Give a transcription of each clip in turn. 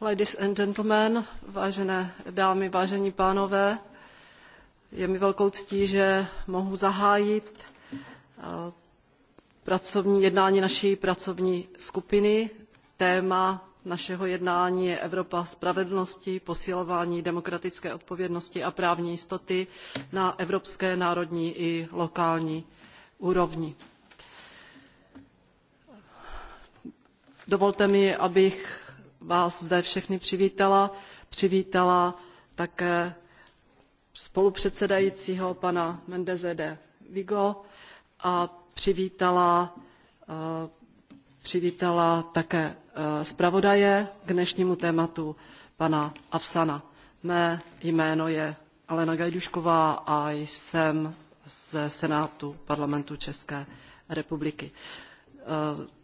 Ladies and gentlemen, vážené dámy, vážení pánové, je mi velkou ctí, že mohu zahájit eh, pracovní jednání naší pracovní skupiny. Téma našeho jednání je Evropa spravedlnosti, posilování demokratické odpovědnosti a právní jistoty na evropské, národní i lokální úrovni. Dovolte mi, abych vás zde všechny přivítala. Přivítala také spolupředsedajícího pana Mendeze de Vigo a přivítala, eh, přivítala také eh, zpravodaje k dnešnímu tématu pana Avsana. Mé jméno je Alena Gajdušková a jsem ze Senátu parlamentu České republiky. Eh,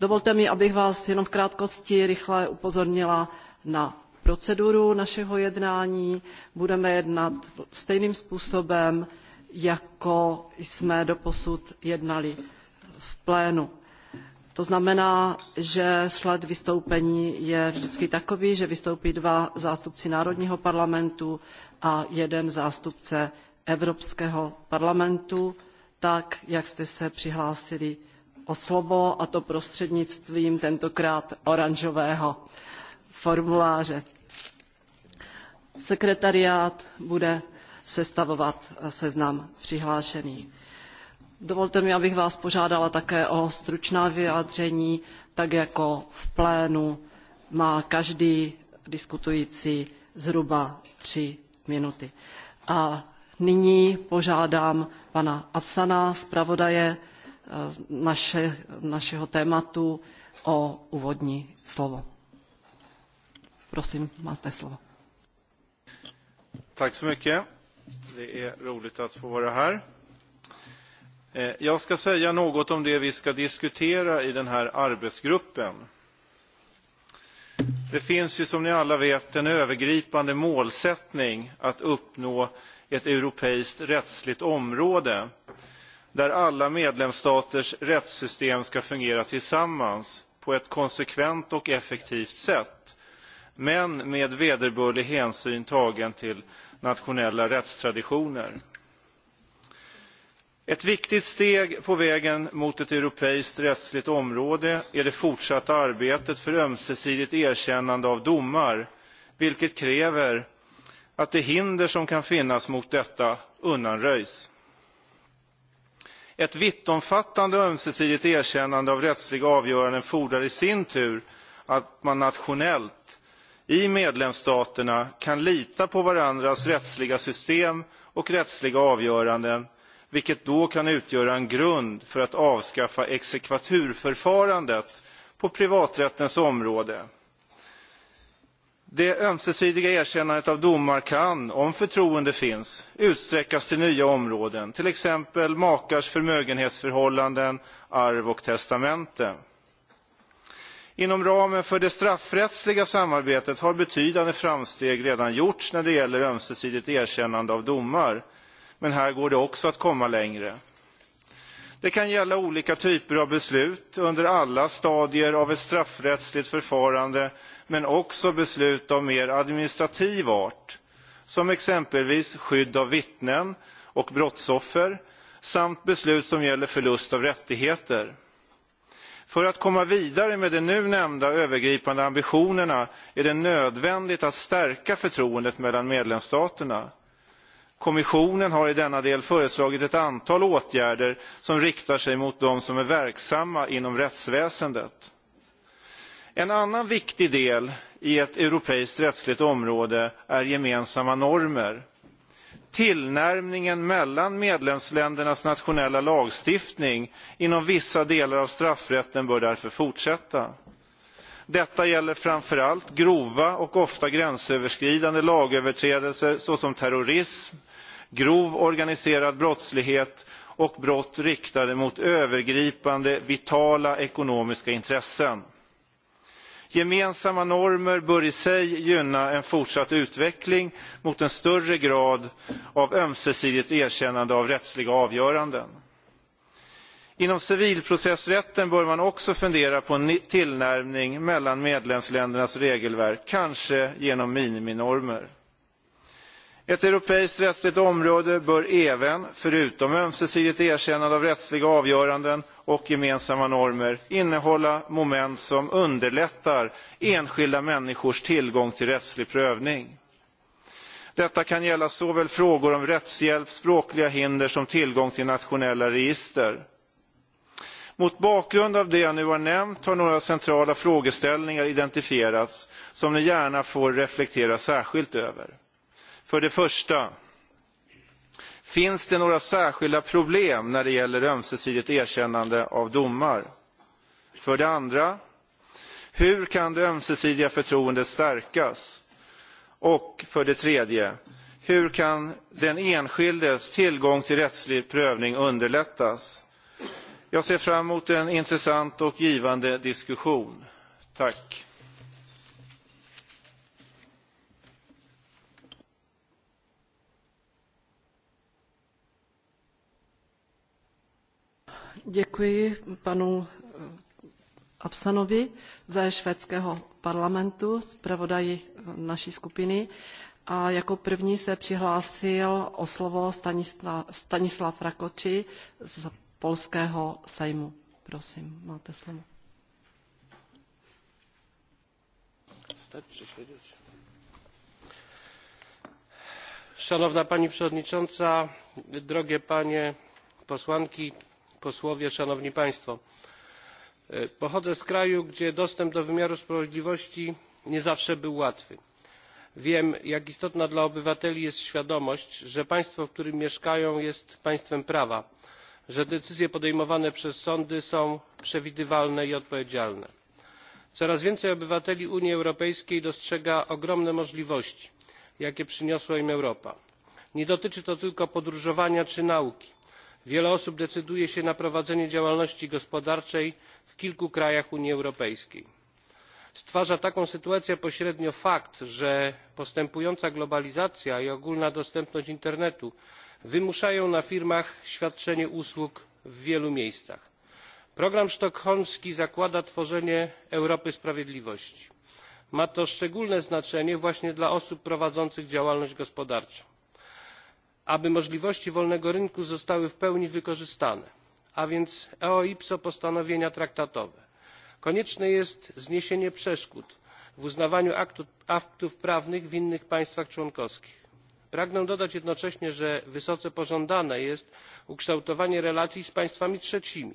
Dovolte mi, abych vás jenom v krátkosti rychle upozornila na proceduru našeho jednání. Budeme jednat stejným způsobem, jako jsme doposud jednali v plénu. To znamená, že sled vystoupení je vždycky takový, že vystoupí dva zástupci Národního parlamentu a jeden zástupce Evropského parlamentu, tak, jak jste se přihlásili o slovo, a to prostřednictvím tentokrát oranžového formuláře. Sekretariát bude sestavovat seznam přihlášených. Dovolte mi, abych vás požádala také o stručná vyjádření, tak jako v plénu má každý diskutující zhruba tři minuty. A nyní požádám pana Avsana, zpravodaje Eh, naše, našeho tématu o úvodní slovo. Prosím, máte slovo. Tak så mycket. Det är roligt att få vara här. Eh, jag ska säga något om det vi ska diskutera i den här arbetsgruppen. Det finns ju som ni alla vet en övergripande målsättning att uppnå ett europeiskt rättsligt område där alla medlemsstaters rättssystem ska fungera tillsammans på ett konsekvent och effektivt sätt, men med vederbörlig hänsyn tagen till nationella rättstraditioner. Ett viktigt steg på vägen mot ett europeiskt rättsligt område är det fortsatta arbetet för ömsesidigt erkännande av domar, vilket kräver att de hinder som kan finnas mot detta undanröjs. Ett vittomfattande och ömsesidigt erkännande av rättsliga avgöranden fordrar i sin tur att man nationellt i medlemsstaterna kan lita på varandras rättsliga system och rättsliga avgöranden, vilket då kan utgöra en grund för att avskaffa exekvaturförfarandet på privaträttens område. Det ömsesidiga erkännandet av domar kan, om förtroende finns, utsträckas till nya områden, till exempel makars förmögenhetsförhållanden, arv och testamente. Inom ramen för det straffrättsliga samarbetet har betydande framsteg redan gjorts när det gäller ömsesidigt erkännande av domar. Men här går det också att komma längre. Det kan gälla olika typer av beslut under alla stadier av ett straffrättsligt förfarande men också beslut av mer administrativ art som exempelvis skydd av vittnen och brottsoffer samt beslut som gäller förlust av rättigheter. För att komma vidare med de nu nämnda övergripande ambitionerna är det nödvändigt att stärka förtroendet mellan medlemsstaterna. Kommissionen har i denna del föreslagit ett antal åtgärder som riktar sig mot de som är verksamma inom rättsväsendet. En annan viktig del i ett europeiskt rättsligt område är gemensamma normer. Tillnärmningen mellan medlemsländernas nationella lagstiftning inom vissa delar av straffrätten bör därför fortsätta. Detta gäller framför allt grova och ofta gränsöverskridande lagöverträdelser såsom terrorism, grov organiserad brottslighet och brott riktade mot övergripande vitala ekonomiska intressen. Gemensamma normer bör i sig gynna en fortsatt utveckling mot en större grad av ömsesidigt erkännande av rättsliga avgöranden. Inom civilprocessrätten bör man också fundera på en tillnärmning mellan medlemsländernas regelverk, kanske genom miniminormer. Ett europeiskt rättsligt område bör även, förutom ömsesidigt erkännande av rättsliga avgöranden och gemensamma normer, innehålla moment som underlättar enskilda människors tillgång till rättslig prövning. Detta kan gälla såväl frågor om rättshjälp, språkliga hinder som tillgång till nationella register. Mot bakgrund av det jag nu har nämnt har några centrala frågeställningar identifierats som ni gärna får reflektera särskilt över. För det första Finns det några särskilda problem när det gäller ömsesidigt erkännande av domar? För det andra, hur kan det ömsesidiga förtroendet stärkas? Och för det tredje, hur kan den enskildes tillgång till rättslig prövning underlättas? Jag ser fram emot en intressant och givande diskussion. Tack. Děkuji panu eh, Absanovi ze švédského parlamentu, zpravodaji naší skupiny. A jako první se přihlásil o slovo Stanisla, Stanislav Rakoči z polského sejmu. Prosím, máte slovo. Szanowna Pani Przewodnicząca, drogie Panie Posłanki, posłowie, szanowni państwo. E, pochodzę z kraju, gdzie dostęp do wymiaru sprawiedliwości nie zawsze był łatwy. Wiem, jak istotna dla obywateli jest świadomość, że państwo, w którym mieszkają, jest państwem prawa, że decyzje podejmowane przez sądy są przewidywalne i odpowiedzialne. Coraz więcej obywateli Unii Europejskiej dostrzega ogromne możliwości, jakie przyniosła im Europa. Nie dotyczy to tylko podróżowania czy nauki wiele osób decyduje się na prowadzenie działalności gospodarczej w kilku krajach unii europejskiej. stwarza taką sytuację pośrednio fakt że postępująca globalizacja i ogólna dostępność internetu wymuszają na firmach świadczenie usług w wielu miejscach. program sztokholmski zakłada tworzenie europy sprawiedliwości. ma to szczególne znaczenie właśnie dla osób prowadzących działalność gospodarczą aby możliwości wolnego rynku zostały w pełni wykorzystane a więc eoipso postanowienia traktatowe. konieczne jest zniesienie przeszkód w uznawaniu aktów, prawnych w innych państwach członkowskich. pragnę dodać jednocześnie że wysoce pożądane jest ukształtowanie relacji z państwami trzecimi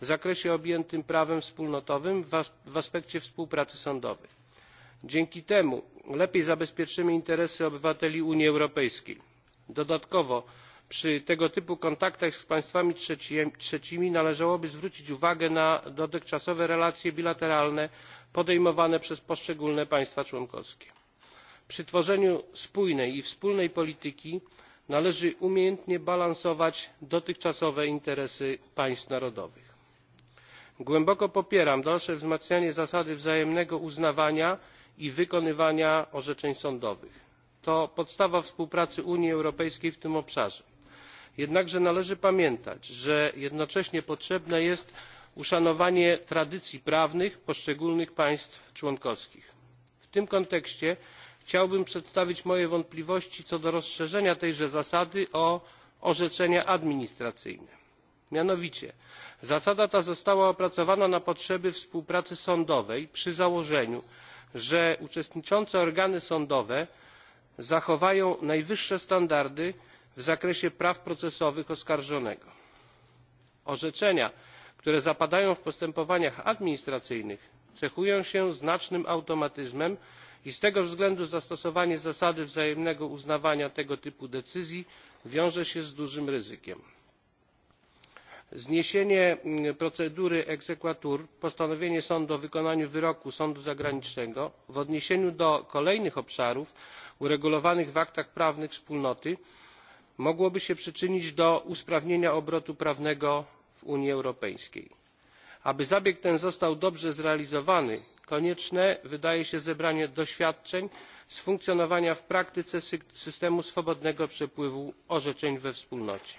w zakresie objętym prawem wspólnotowym w aspekcie współpracy sądowej. dzięki temu lepiej zabezpieczymy interesy obywateli unii europejskiej Dodatkowo przy tego typu kontaktach z państwami trzecimi należałoby zwrócić uwagę na dotychczasowe relacje bilateralne podejmowane przez poszczególne państwa członkowskie. Przy tworzeniu spójnej i wspólnej polityki należy umiejętnie balansować dotychczasowe interesy państw narodowych. Głęboko popieram dalsze wzmacnianie zasady wzajemnego uznawania i wykonywania orzeczeń sądowych to podstawa współpracy Unii Europejskiej w tym obszarze. Jednakże należy pamiętać, że jednocześnie potrzebne jest uszanowanie tradycji prawnych poszczególnych państw członkowskich. W tym kontekście chciałbym przedstawić moje wątpliwości co do rozszerzenia tejże zasady o orzeczenia administracyjne. Mianowicie zasada ta została opracowana na potrzeby współpracy sądowej przy założeniu, że uczestniczące organy sądowe zachowają najwyższe standardy w zakresie praw procesowych oskarżonego. orzeczenia które zapadają w postępowaniach administracyjnych cechują się znacznym automatyzmem i z tego względu zastosowanie zasady wzajemnego uznawania tego typu decyzji wiąże się z dużym ryzykiem. Zniesienie mm, procedury egzekwatur, postanowienie sądu o wykonaniu wyroku sądu zagranicznego w odniesieniu do kolejnych obszarów uregulowanych w aktach prawnych wspólnoty mogłoby się przyczynić do usprawnienia obrotu prawnego w Unii Europejskiej. Aby zabieg ten został dobrze zrealizowany, konieczne wydaje się zebranie doświadczeń z funkcjonowania w praktyce systemu swobodnego przepływu orzeczeń we wspólnocie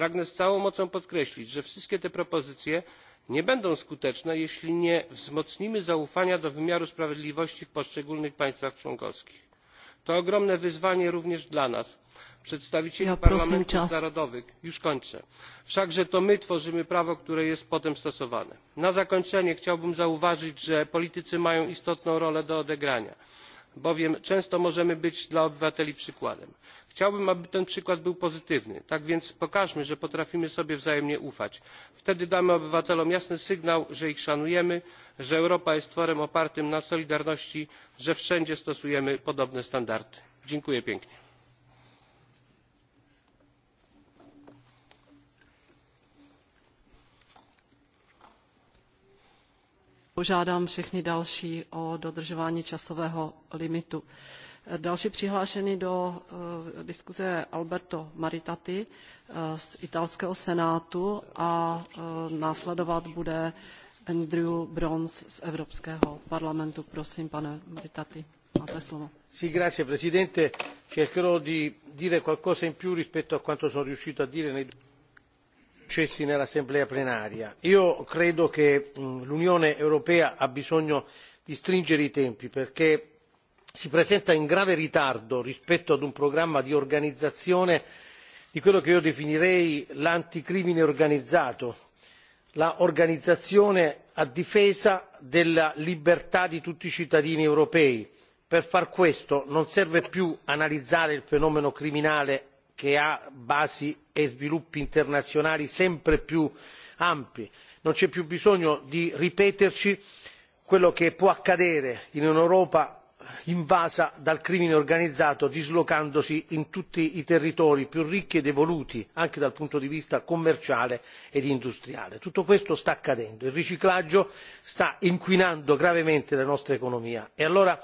pragnę z całą mocą podkreślić że wszystkie te propozycje nie będą skuteczne jeśli nie wzmocnimy zaufania do wymiaru sprawiedliwości w poszczególnych państwach członkowskich. to ogromne wyzwanie również dla nas przedstawicieli parlamentów narodowych już kończę wszakże to my tworzymy prawo które jest potem stosowane. na zakończenie chciałbym zauważyć że politycy mają istotną rolę do odegrania bowiem często możemy być dla obywateli przykładem. chciałbym aby ten przykład był pozytywny tak więc pokażmy że potrafimy sobie wzajemnie ufać. wtedy damy obywatelom jasny sygnał że ich szanujemy że europa jest tworem opartym na solidarności że wszędzie stosujemy podobne standardy. dziękuję pięknie. požádám všechny další o dodržování časového limitu. Eh, další přihlášený do uh, diskuze je Alberto Maritati uh, z italského senátu a uh, následovat bude Andrew Brons z Evropského parlamentu. Prosím, pane Maritati, máte slovo. Sì, grazie Presidente. Cercherò di dire qualcosa in più rispetto a quanto sono riuscito a dire nei successi nell'assemblea plenaria. io credo che l'unione europea ha bisogno di stringere i tempi perché si presenta in grave ritardo rispetto ad un programma di organizzazione di quello che io definirei l'anticrimine organizzato l'organizzazione a difesa della libertà di tutti i cittadini europei. per far questo non serve più analizzare il fenomeno criminale che ha basi e sviluppi internazionali sempre più ampi. non c'è più bisogno di ripeterci quello che può accadere in un'europa invasa dal crimine organizzato dislocandosi in tutti i territori più ricchi ed evoluti anche dal punto di vista commerciale ed industriale. tutto questo sta accadendo il riciclaggio sta inquinando gravemente la nostra economia e allora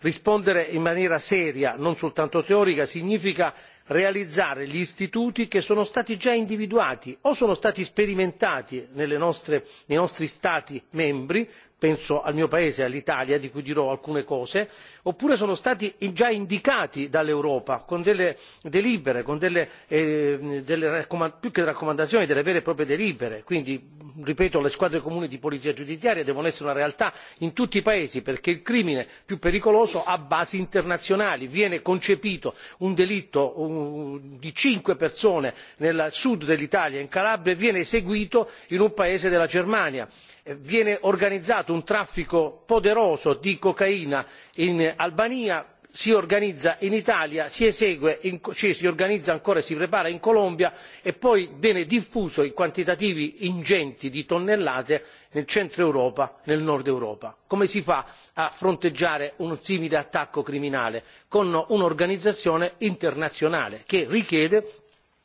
rispondere in maniera seria non soltanto teorica significa realizzare gli istituti che sono stati già individuati o sono stati sperimentati nei nostri stati membri penso al mio paese all'italia di cui dirò alcune cose oppure sono stati già indicati dall'europa con delle delibere con delle, eh, delle più che raccomandazioni delle vere e proprie delibere quindi ripeto le squadre comuni di polizia giudiziaria devono essere una realtà in tutti i paesi perché il crimine più pericoloso ha basi internazionali viene concepito un delitto di cinque persone nel sud dell'italia in calabria e viene eseguito in un paese della germania viene organizzato un traffico poderoso di cocaina in Albania si organizza in Italia, si esegue, si organizza ancora e si prepara in Colombia e poi viene diffuso in quantitativi ingenti di tonnellate nel centro Europa, nel nord Europa. Come si fa a fronteggiare un simile attacco criminale? Con un'organizzazione internazionale che richiede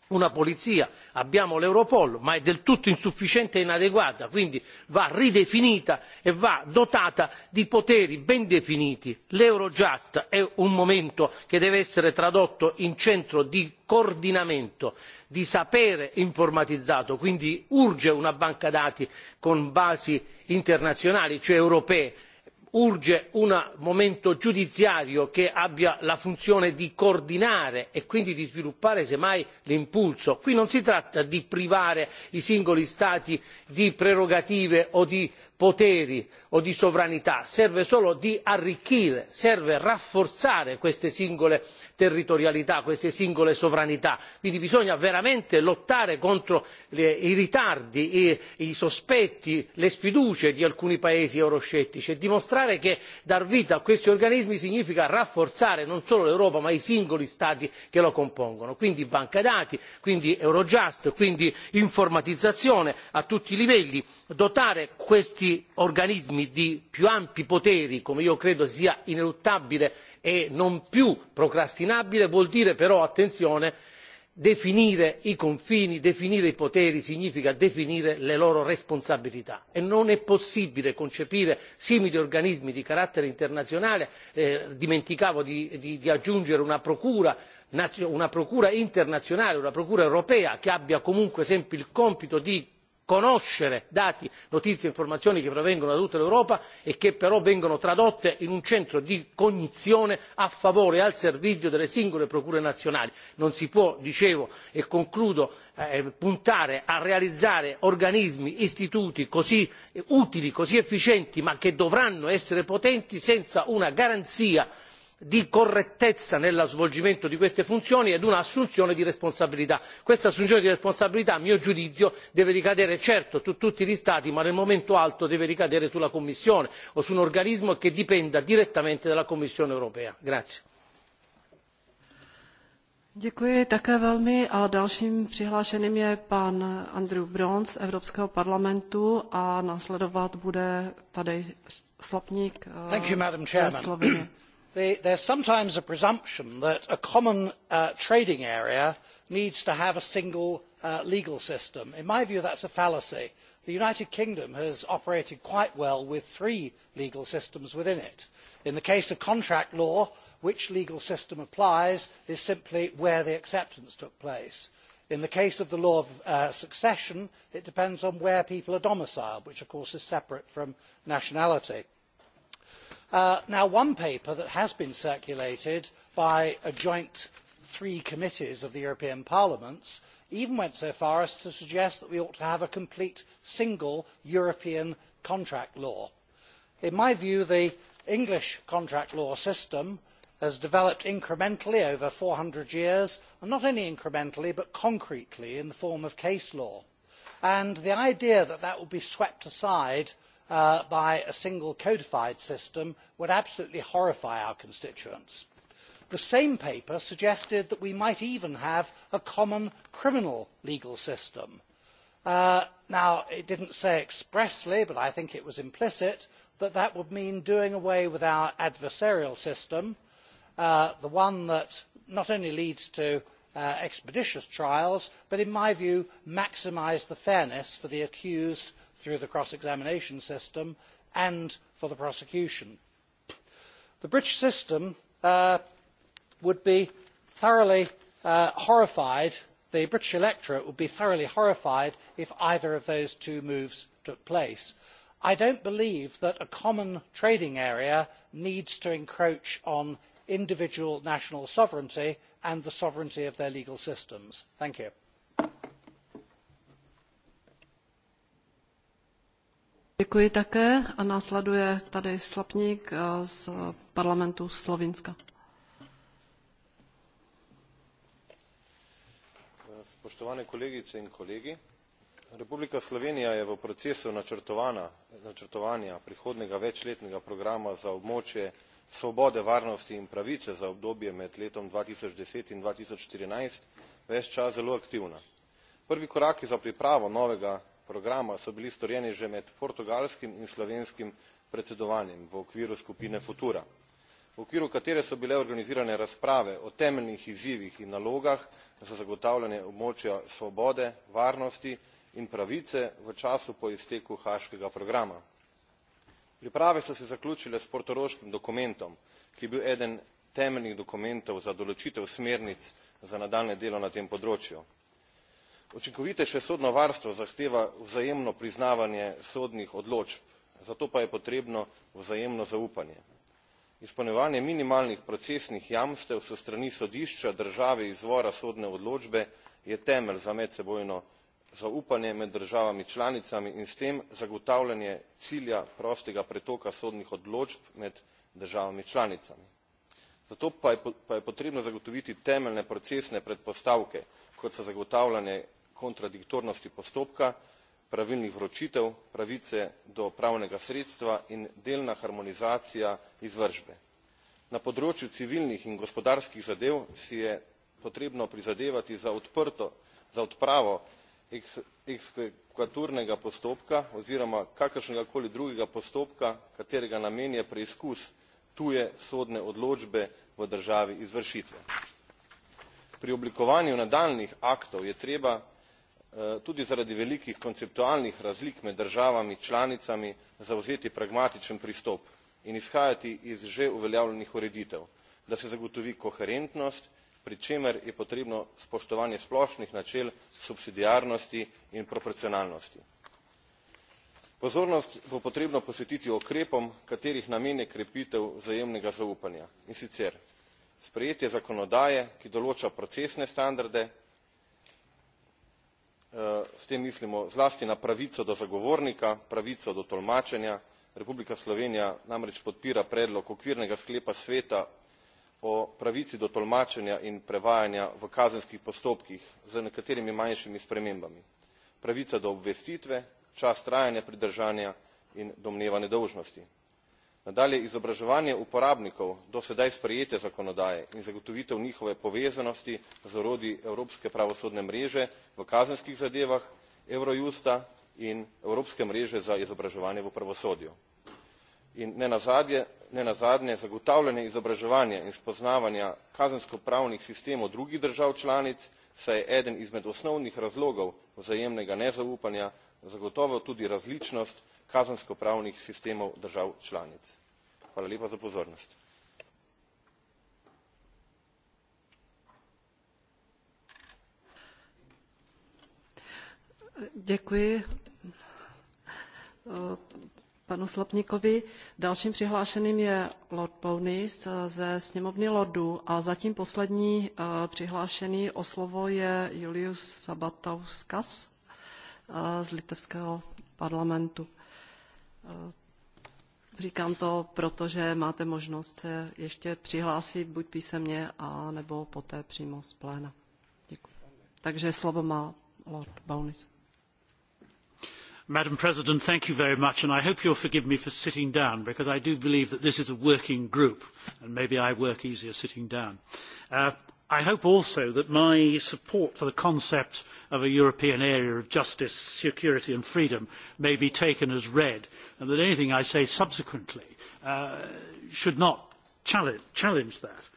una polizia abbiamo l'europol ma è del tutto insufficiente e inadeguata quindi va ridefinita e va dotata di poteri ben definiti. l'eurojust è un momento che deve essere tradotto in centro di coordinamento di sapere informatizzato quindi urge una banca dati con basi internazionali cioè europee urge un momento giudiziario che abbia la funzione di coordinare e quindi di sviluppare semmai l'impulso. qui non si tratta di privare i singoli stati di prerogative o di poteri o di sovranità, serve solo di arricchire, serve rafforzare queste singole territorialità, queste singole sovranità. Quindi bisogna veramente lottare contro i ritardi, i, sospetti, le sfiducie di alcuni paesi euroscettici e dimostrare che dar vita a questi organismi significa rafforzare non solo l'Europa ma i singoli Stati che lo compongono. Quindi banca dati, quindi Eurojust, quindi informatizzazione a tutti i livelli, dotare questi organismi termini di più ampi poteri come io credo sia ineluttabile e non più procrastinabile vuol dire però attenzione definire i confini definire i poteri significa definire le loro responsabilità e non è possibile concepire simili organismi di carattere internazionale eh, dimenticavo di, di aggiungere una procura una procura internazionale una procura europea che abbia comunque sempre il compito di conoscere dati, notizie, informazioni che provengono da tutta l'Europa e che però vengono tradotte in un centro di cognizione a favore e al servizio delle singole procure nazionali. Non si può, dicevo e concludo, eh, puntare a realizzare organismi, istituti così utili, così efficienti, ma che dovranno essere potenti senza una garanzia di correttezza nello svolgimento di queste funzioni ed un'assunzione di responsabilità. questa assunzione di responsabilità a mio giudizio deve ricadere certo su tutti gli stati ma nel momento alto deve ricadere sulla commissione o su un organismo che dipenda direttamente dalla commissione europea. dalším je pan Andrew parlamentu a bude tady Slopník eh, Slovenie there is sometimes a presumption that a common uh, trading area needs to have a single uh, legal system. in my view that is a fallacy. the united kingdom has operated quite well with three legal systems within it. in the case of contract law which legal system applies is simply where the acceptance took place. in the case of the law of uh, succession it depends on where people are domiciled which of course is separate from nationality. Uh, now, one paper that has been circulated by a joint three committees of the European Parliaments even went so far as to suggest that we ought to have a complete single European contract law. In my view, the English contract law system has developed incrementally over four hundred years, and not only incrementally but concretely in the form of case law. And the idea that that would be swept aside Uh, by a single codified system would absolutely horrify our constituents. the same paper suggested that we might even have a common criminal legal system. Uh, now it did not say expressly but i think it was implicit that that would mean doing away with our adversarial system uh, the one that not only leads to expeditious trials but in my view maximised the fairness for the accused through the cross examination system and for the prosecution. The British system uh, would be thoroughly uh, horrified, the British electorate would be thoroughly horrified if either of those two moves took place. I do not believe that a common trading area needs to encroach on individual national sovereignty and the sovereignty of their legal systems. Thank you. Děkuji také a následuje tady Slapník eh, z parlamentu Slovinska. Spoštovane kolegice in kolegi, Republika Slovenija je v procesu načrtovanja prihodnjega večletnega programa za območje svobode, varnosti in pravice za obdobje med letom 2010 in 2014 ves čas zelo aktivna. Prvi koraki za pripravo novega programa so bili storjeni že med portugalskim in slovenskim predsedovanjem v okviru skupine futura v okviru katere so bile organizirane razprave o temeljnih izzivih in nalogah za zagotavljanje območja svobode varnosti in pravice v času po izteku haaškega programa. priprave so se zaključile s portoroškim dokumentom ki je bil eden temeljnih dokumentov za določitev smernic za nadaljnje delo na tem področju učinkovitejše sodno varstvo zahteva vzajemno priznavanje sodnih odločb zato pa je potrebno vzajemno zaupanje. izpolnjevanje minimalnih procesnih jamstev s strani sodišča države izvora sodne odločbe je temelj za medsebojno zaupanje med državami članicami in s tem zagotavljanje cilja prostega pretoka sodnih odločb med državami članicami. zato pa je potrebno zagotoviti temeljne procesne predpostavke kot so zagotavljanje kontradiktornosti postopka pravilnih vročitev pravice do pravnega sredstva in delna harmonizacija izvršbe. na področju civilnih in gospodarskih zadev si je potrebno prizadevati za, odprto, za odpravo eksekvaturnega postopka oziroma kakršnegakoli drugega postopka katerega namen je preizkus tuje sodne odločbe v državi izvršitve. pri oblikovanju nadaljnjih aktov je treba Eh, tudi zaradi velikih konceptualnih razlik med državami članicami zavzeti pragmatičen pristop in izhajati iz že uveljavljenih ureditev da se zagotovi koherentnost pri čemer je potrebno spoštovanje splošnih načel subsidiarnosti in proporcionalnosti. pozornost bo potrebno posvetiti ukrepom katerih namen je krepitev vzajemnega zaupanja in sicer sprejetje zakonodaje ki določa procesne standarde Eh, s tem mislimo zlasti na pravico do zagovornika pravico do tolmačenja republika slovenija namreč podpira predlog okvirnega sklepa sveta o pravici do tolmačenja in prevajanja v kazenskih postopkih z nekaterimi manjšimi spremembami pravica do obvestitve čas trajanja pridržanja in domneva nedolžnosti nadalje izobraževanje uporabnikov do sedaj sprejete zakonodaje in zagotovitev njihove povezanosti z orodji evropske pravosodne mreže v kazenskih zadevah eurojusta in evropske mreže za izobraževanje v pravosodju in nenazadnje, zagotavljanje izobraževanja in spoznavanja kazensko pravnih sistemov drugih držav članic saj je eden izmed osnovnih razlogov vzajemnega nezaupanja zagotovo tudi različnost kazensko pravnih sistemov držav članic. hvala lepa za pozornost. Děkuji eh, panu Slopníkovi. Dalším přihlášeným je Lord Pounis ze sněmovny Lordů a zatím poslední eh, přihlášený o slovo je Julius Sabatauskas eh, z litevského parlamentu. Eh, říkám to, protože máte možnost se ještě přihlásit buď písemně, a nebo poté přímo z pléna. Děkuji. Takže slovo má Lord Baunis. Madam President, thank you very much, and I hope you'll forgive me for sitting down, because I do believe that this is a working group, and maybe I work easier sitting down. Uh, I hope also that my support for the concept of a European area of justice, security and freedom may be taken as read and that anything I say subsequently uh, should not challenge, challenge that.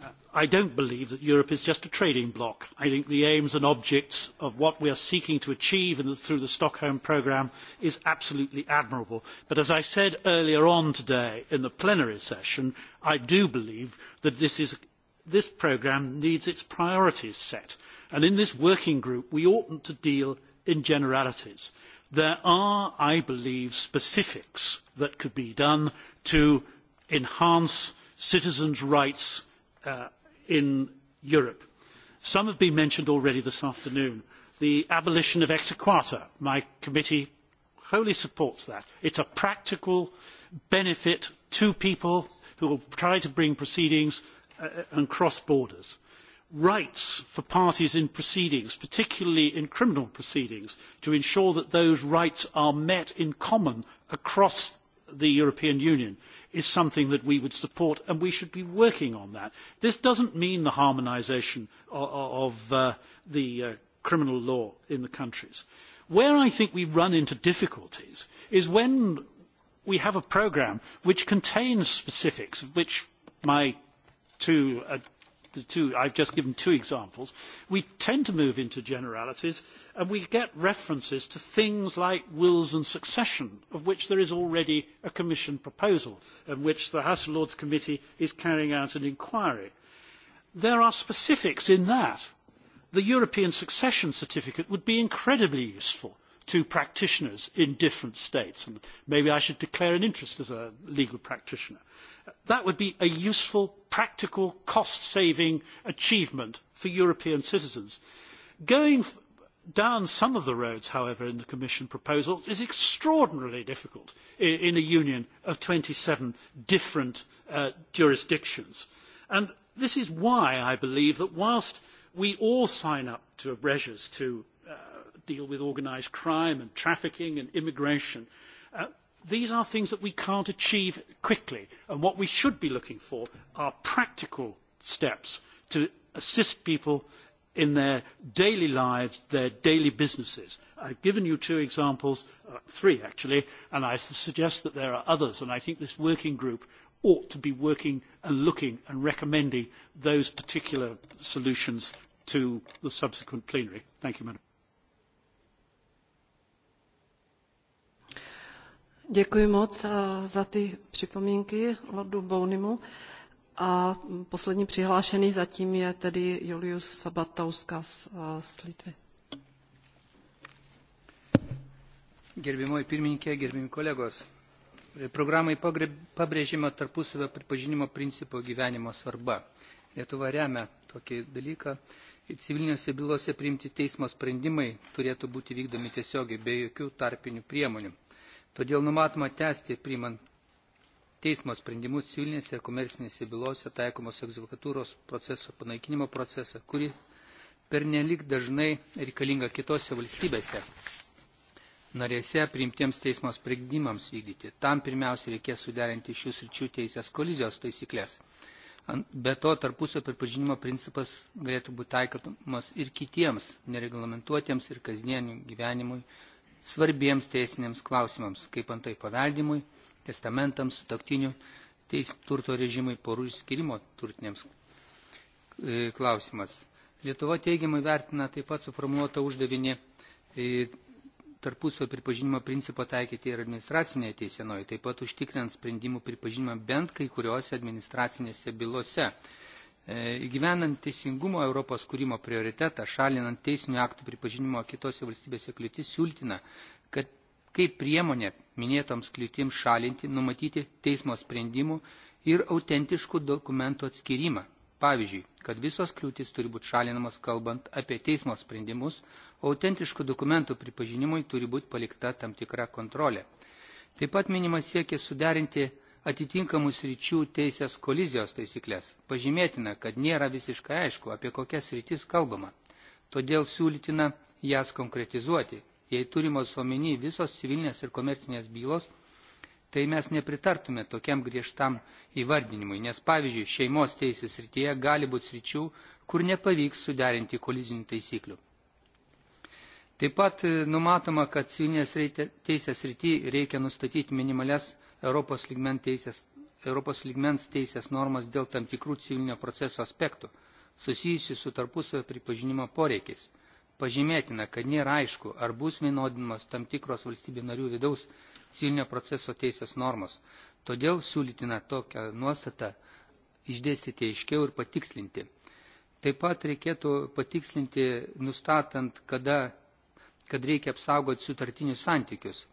Uh, I do not believe that Europe is just a trading bloc. I think the aims and objects of what we are seeking to achieve the, through the Stockholm programme is absolutely admirable. But as I said earlier on today in the plenary session, I do believe that this is this programme needs its priorities set. And in this working group, we oughtn't to deal in generalities. There are, I believe, specifics that could be done to enhance citizens' rights uh, in Europe. Some have been mentioned already this afternoon. The abolition of ex equata, my committee wholly supports that. It is a practical benefit to people who will try to bring proceedings Uh, and cross borders. Rights for parties in proceedings, particularly in criminal proceedings, to ensure that those rights are met in common across the European Union is something that we would support and we should be working on that. This does not mean the harmonisation of, of uh, the uh, criminal law in the countries. Where I think we run into difficulties is when we have a programme which contains specifics, which my two, uh, the two, I've just given two examples, we tend to move into generalities and we get references to things like wills and succession, of which there is already a Commission proposal, and which the House of Lords Committee is carrying out an inquiry. There are specifics in that. The European Succession Certificate would be incredibly useful to practitioners in different states, and maybe I should declare an interest as a legal practitioner. That would be a useful practical cost saving achievement for European citizens. Going down some of the roads, however, in the Commission proposals is extraordinarily difficult in a union of twenty seven different uh, jurisdictions. And this is why I believe that whilst we all sign up to measures to uh, deal with organised crime and trafficking and immigration, uh, these are things that we can't achieve quickly. And what we should be looking for are practical steps to assist people in their daily lives, their daily businesses. I've given you two examples, uh, three actually, and I suggest that there are others. And I think this working group ought to be working and looking and recommending those particular solutions to the subsequent plenary. Thank you, Madam. Děkuji moc eh, za ty připomínky Lordu Bounimu. A poslední přihlášený zatím je tedy Julius Sabatauska z eh, z Litvy. Gerbimoji pirmininkė, gerbimi kolegos, programai pabrėžimo tarpusavio pripažinimo principo gyvenimo svarba. Lietuva remia tokį dalyką. Civilinėse bylose priimti teismo sprendimai turėtų būti vykdomi tiesiogiai be jokių tarpinių priemonių. Todėl numatoma tęsti priimant teismo sprendimus civilinėse ir komercinėse bylose taikomos egzekutūros proceso panaikinimo procesą, kuri pernelik dažnai reikalinga kitose valstybėse narėse priimtiems teismo sprendimams vykdyti. Tam pirmiausia reikės suderinti šių sričių teisės kolizijos taisyklės. Be to, tarpusio pripažinimo principas galėtų būti taikomas ir kitiems nereglamentuotiems ir kasdieniam gyvenimui svarbiems teisiniams klausimams, kaip antai paveldimui, testamentams, sutoktinių teis turto režimui porų išskirimo turtiniams e, klausimas. Lietuva teigiamai vertina taip pat suformuotą uždavinį e, tarpusio pripažinimo principą taikyti ir administracinėje teisenoje, taip pat užtikrinant sprendimų pripažinimą bent kai kuriuose administracinėse bylose. Įgyvenant e, teisingumo Europos kūrimo prioritetą, šalinant teisinių aktų pripažinimo kitose valstybėse kliūtis, siūlytina, kad kaip priemonė minėtoms kliūtims šalinti, numatyti teismo sprendimų ir autentiškų dokumentų atskirimą. Pavyzdžiui, kad visos kliūtis turi būti šalinamos kalbant apie teismo sprendimus, o autentiškų dokumentų pripažinimui turi būti palikta tam tikra kontrolė. Taip pat minimas siekia suderinti atitinkamų sričių teisės kolizijos taisyklės. Pažymėtina, kad nėra visiškai aišku, apie kokias sritis kalbama. Todėl siūlytina jas konkretizuoti. Jei turimos omeny visos civilinės ir komercinės bylos, tai mes nepritartume tokiam griežtam įvardinimui, nes pavyzdžiui, šeimos teisės srityje gali būti sričių, kur nepavyks suderinti kolizinių taisyklių. Taip pat e, numatoma, kad civilinės teisės srity reikia nustatyti minimalias Europos lygmens teisės, normas dėl tam tikrų civilinio proceso aspektų susijusių su tarpusavio pripažinimo poreikiais. Pažymėtina, kad nėra aišku, ar bus vienodinamas tam tikros valstybių narių vidaus civilinio proceso teisės normos. Todėl siūlytina tokią nuostatą išdėstyti aiškiau ir patikslinti. Taip pat reikėtų patikslinti, nustatant, kada, kad reikia apsaugoti sutartinius santykius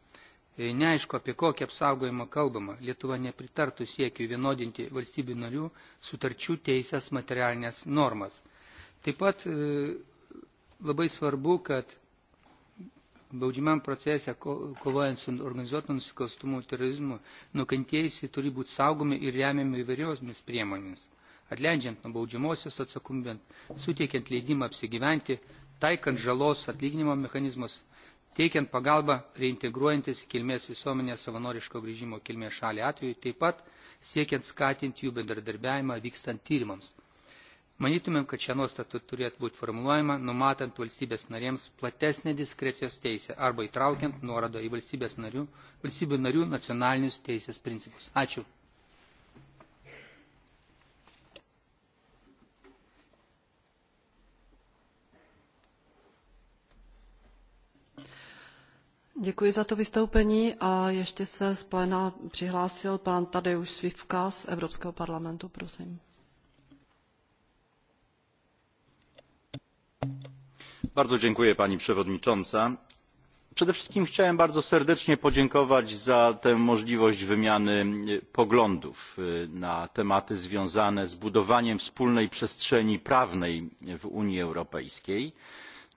neaišku, apie kokią apsaugojimą kalbama. Lietuva nepritartų siekiu vienodinti valstybių narių sutarčių teisės materialinės normas. Taip pat labai svarbu, kad baudžiamam procese kovojant su organizuotu nusikalstumu terorizmu nukentėjusi turi būti saugomi ir remiami įvairiomis priemonėmis atleidžiant nuo baudžiamosios atsakumbent, suteikiant leidimą apsigyventi, taikant žalos atlyginimo mechanizmus, teikiant pagalbą reintegruojantis į kilmės visuomenės savanoriško grįžimo kilmės šalį atveju, taip pat siekiant skatinti jų bendradarbiavimą vykstant tyrimams. Manytumėm, kad šią nuostatą turėtų būti formuluojama, numatant valstybės narėms platesnę diskrecijos teisę arba įtraukiant nuorodą į valstybės narių, valstybių narių nacionalinius teisės principus. Ačiū. Děkuji za to vystoupení a ještě se z pléna přihlásil pan Tadeusz Svivka z Evropského parlamentu, prosím. Bardzo dziękuję pani przewodnicząca. Przede wszystkim chciałem bardzo serdecznie podziękować za tę możliwość wymiany e, poglądów e, na tematy związane z budowaniem wspólnej przestrzeni prawnej w Unii Europejskiej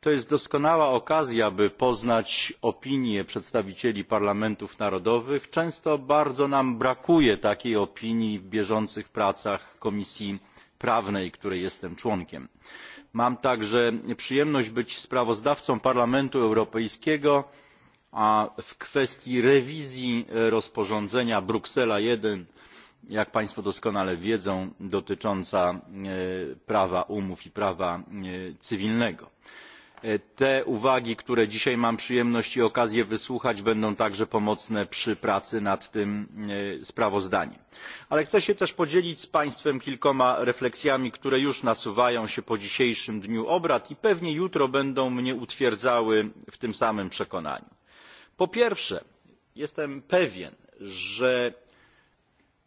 to jest doskonała okazja by poznać opinie przedstawicieli parlamentów narodowych często bardzo nam brakuje takiej opinii w bieżących pracach komisji prawnej której jestem członkiem. mam także przyjemność być sprawozdawcą parlamentu europejskiego w kwestii rewizji rozporządzenia bruksela i jak państwo doskonale wiedzą dotycząca e, prawa umów i prawa e, cywilnego. E, te uwagi, które dzisiaj mam przyjemność i okazję wysłuchać, będą także pomocne przy pracy nad tym e, sprawozdaniem. Ale chcę się też podzielić z Państwem kilkoma refleksjami, które już nasuwają się po dzisiejszym dniu obrad i pewnie jutro będą mnie utwierdzały w tym samym przekonaniu. Po pierwsze, jestem pewien, że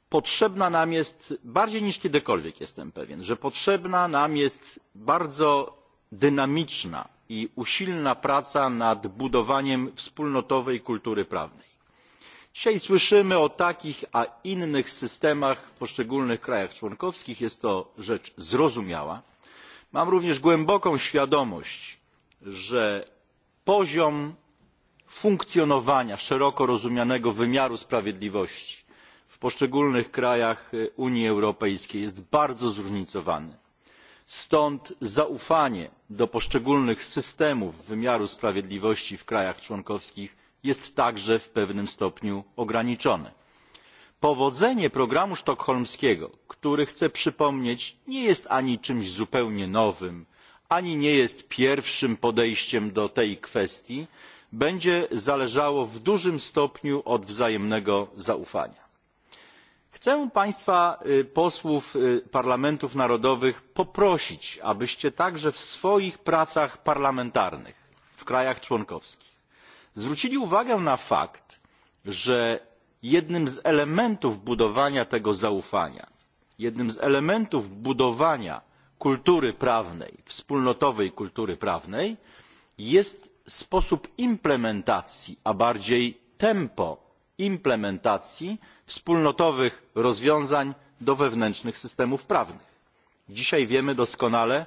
potrzebna nam jest bardziej niż kiedykolwiek jestem pewien, że potrzebna nam jest bardzo dynamiczna i usilna praca nad budowaniem wspólnotowej kultury prawnej. Dzisiaj słyszymy o takich a innych systemach w poszczególnych krajach członkowskich. Jest to rzecz zrozumiała. Mam również głęboką świadomość, że poziom funkcjonowania szeroko rozumianego wymiaru sprawiedliwości w poszczególnych krajach Unii Europejskiej jest bardzo zróżnicowany Stąd zaufanie do poszczególnych systemów wymiaru sprawiedliwości w krajach członkowskich jest także w pewnym stopniu ograniczone. Powodzenie programu sztokholmskiego, który chcę przypomnieć, nie jest ani czymś zupełnie nowym, ani nie jest pierwszym podejściem do tej kwestii, będzie zależało w dużym stopniu od wzajemnego zaufania. Chcę Państwa posłów parlamentów narodowych poprosić, abyście także w swoich pracach parlamentarnych w krajach członkowskich zwrócili uwagę na fakt, że jednym z elementów budowania tego zaufania, jednym z elementów budowania kultury prawnej, wspólnotowej kultury prawnej jest sposób implementacji, a bardziej tempo implementacji wspólnotowych rozwiązań do wewnętrznych systemów prawnych. Dzisiaj wiemy doskonale,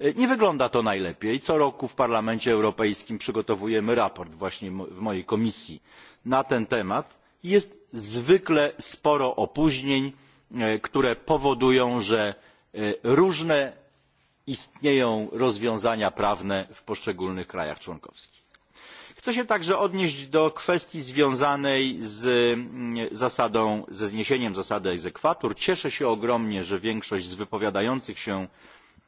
e, nie wygląda to najlepiej. Co roku w Parlamencie Europejskim przygotowujemy raport właśnie w mojej komisji na ten temat. i Jest zwykle sporo opóźnień, e, które powodują, że e, różne istnieją rozwiązania prawne w poszczególnych krajach członkowskich. Chcę się także odnieść do kwestii związanej z mm, zasadą, ze zniesieniem zasady egzekwatur. Cieszę się ogromnie, że większość z wypowiadających się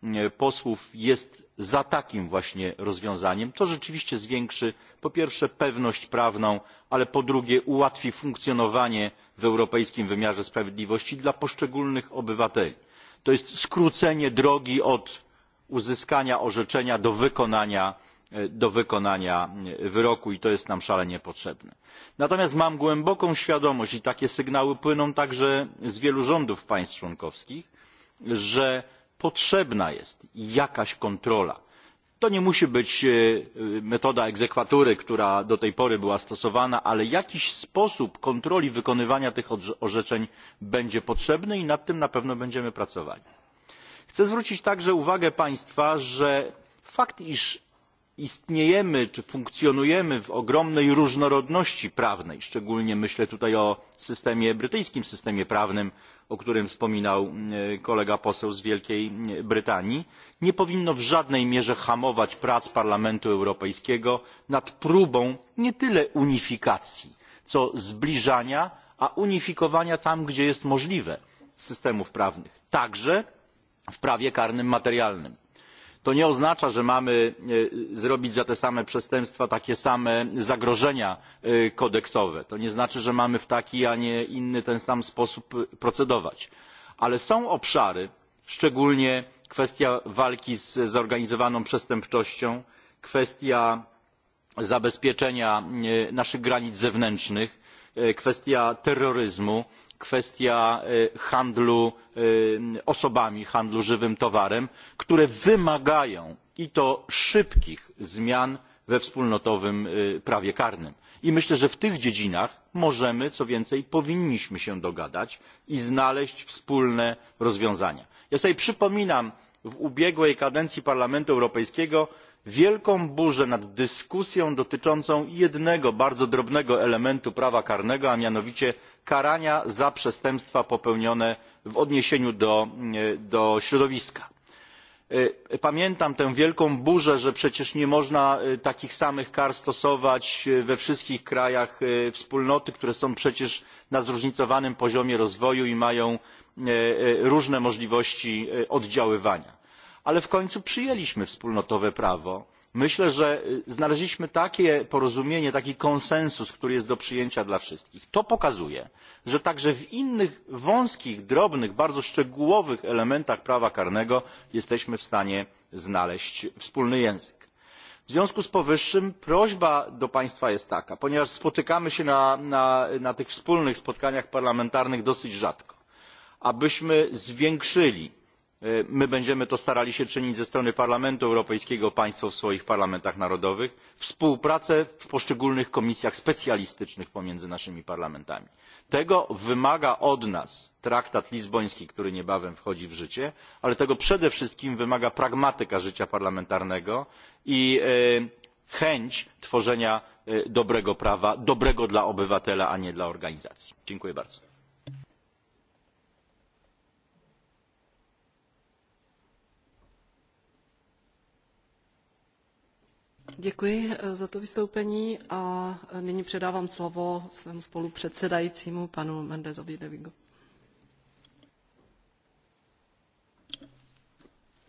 mm, posłów jest za takim właśnie rozwiązaniem. To rzeczywiście zwiększy po pierwsze pewność prawną, ale po drugie ułatwi funkcjonowanie w europejskim wymiarze sprawiedliwości dla poszczególnych obywateli. To jest skrócenie drogi od uzyskania orzeczenia do wykonania E, do wykonania wyroku i to jest nam szalenie potrzebne. Natomiast mam głęboką świadomość i takie sygnały płyną także z wielu rządów państw członkowskich, że potrzebna jest jakaś kontrola. To nie musi być e, metoda egzekwatury, która do tej pory była stosowana, ale jakiś sposób kontroli wykonywania tych orzeczeń będzie potrzebny i nad tym na pewno będziemy pracowali. Chcę zwrócić także uwagę Państwa, że fakt, iż istniejemy czy funkcjonujemy w ogromnej różnorodności prawnej szczególnie myślę tutaj o systemie brytyjskim systemie prawnym o którym wspominał e, kolega poseł z wielkiej e, brytanii nie powinno w żadnej mierze hamować prac parlamentu europejskiego nad próbą nie tyle unifikacji co zbliżania a unifikowania tam gdzie jest możliwe systemów prawnych także w prawie karnym materialnym to nie oznacza że mamy e, zrobić za te same przestępstwa takie same zagrożenia e, kodeksowe to nie znaczy że mamy w taki a nie inny ten sam sposób procedować ale są obszary szczególnie kwestia walki z zorganizowaną przestępczością kwestia zabezpieczenia e, naszych granic zewnętrznych E, kwestia terroryzmu, kwestia e, handlu e, osobami, handlu żywym towarem, które wymagają i to szybkich zmian we wspólnotowym prawie karnym. I myślę, że w tych dziedzinach możemy, co więcej, powinniśmy się dogadać i znaleźć wspólne rozwiązania. Ja sobie przypominam w ubiegłej kadencji parlamentu europejskiego wielką burzę nad dyskusją dotyczącą jednego bardzo drobnego elementu prawa karnego a mianowicie karania za przestępstwa popełnione w odniesieniu do, środowiska E, e, pamiętam tę wielką burzę, że przecież nie można e, takich samych kar stosować we wszystkich krajach wspólnoty, które są przecież na zróżnicowanym poziomie rozwoju i mają różne możliwości oddziaływania. Ale w końcu przyjęliśmy wspólnotowe prawo Myślę, że znaleźliśmy takie porozumienie, taki konsensus, który jest do przyjęcia dla wszystkich. To pokazuje, że także w innych wąskich, drobnych, bardzo szczegółowych elementach prawa karnego jesteśmy w stanie znaleźć wspólny język. W związku z powyższym prośba do Państwa jest taka, ponieważ spotykamy się na, na, na tych wspólnych spotkaniach parlamentarnych dosyć rzadko, abyśmy zwiększyli E, my będziemy to starali się czynić ze strony parlamentu europejskiego państwo w swoich parlamentach narodowych współpracę w poszczególnych komisjach specjalistycznych pomiędzy naszymi parlamentami. tego wymaga od nas traktat lizboński który niebawem wchodzi w życie ale tego przede wszystkim wymaga pragmatyka życia parlamentarnego i e, chęć tworzenia e, dobrego prawa dobrego dla obywatela a nie dla organizacji. dziękuję bardzo. Děkuji eh, za to vystoupení a eh, nyní předávám slovo svému spolupředsedajícímu panu Mendezovi de Vigo.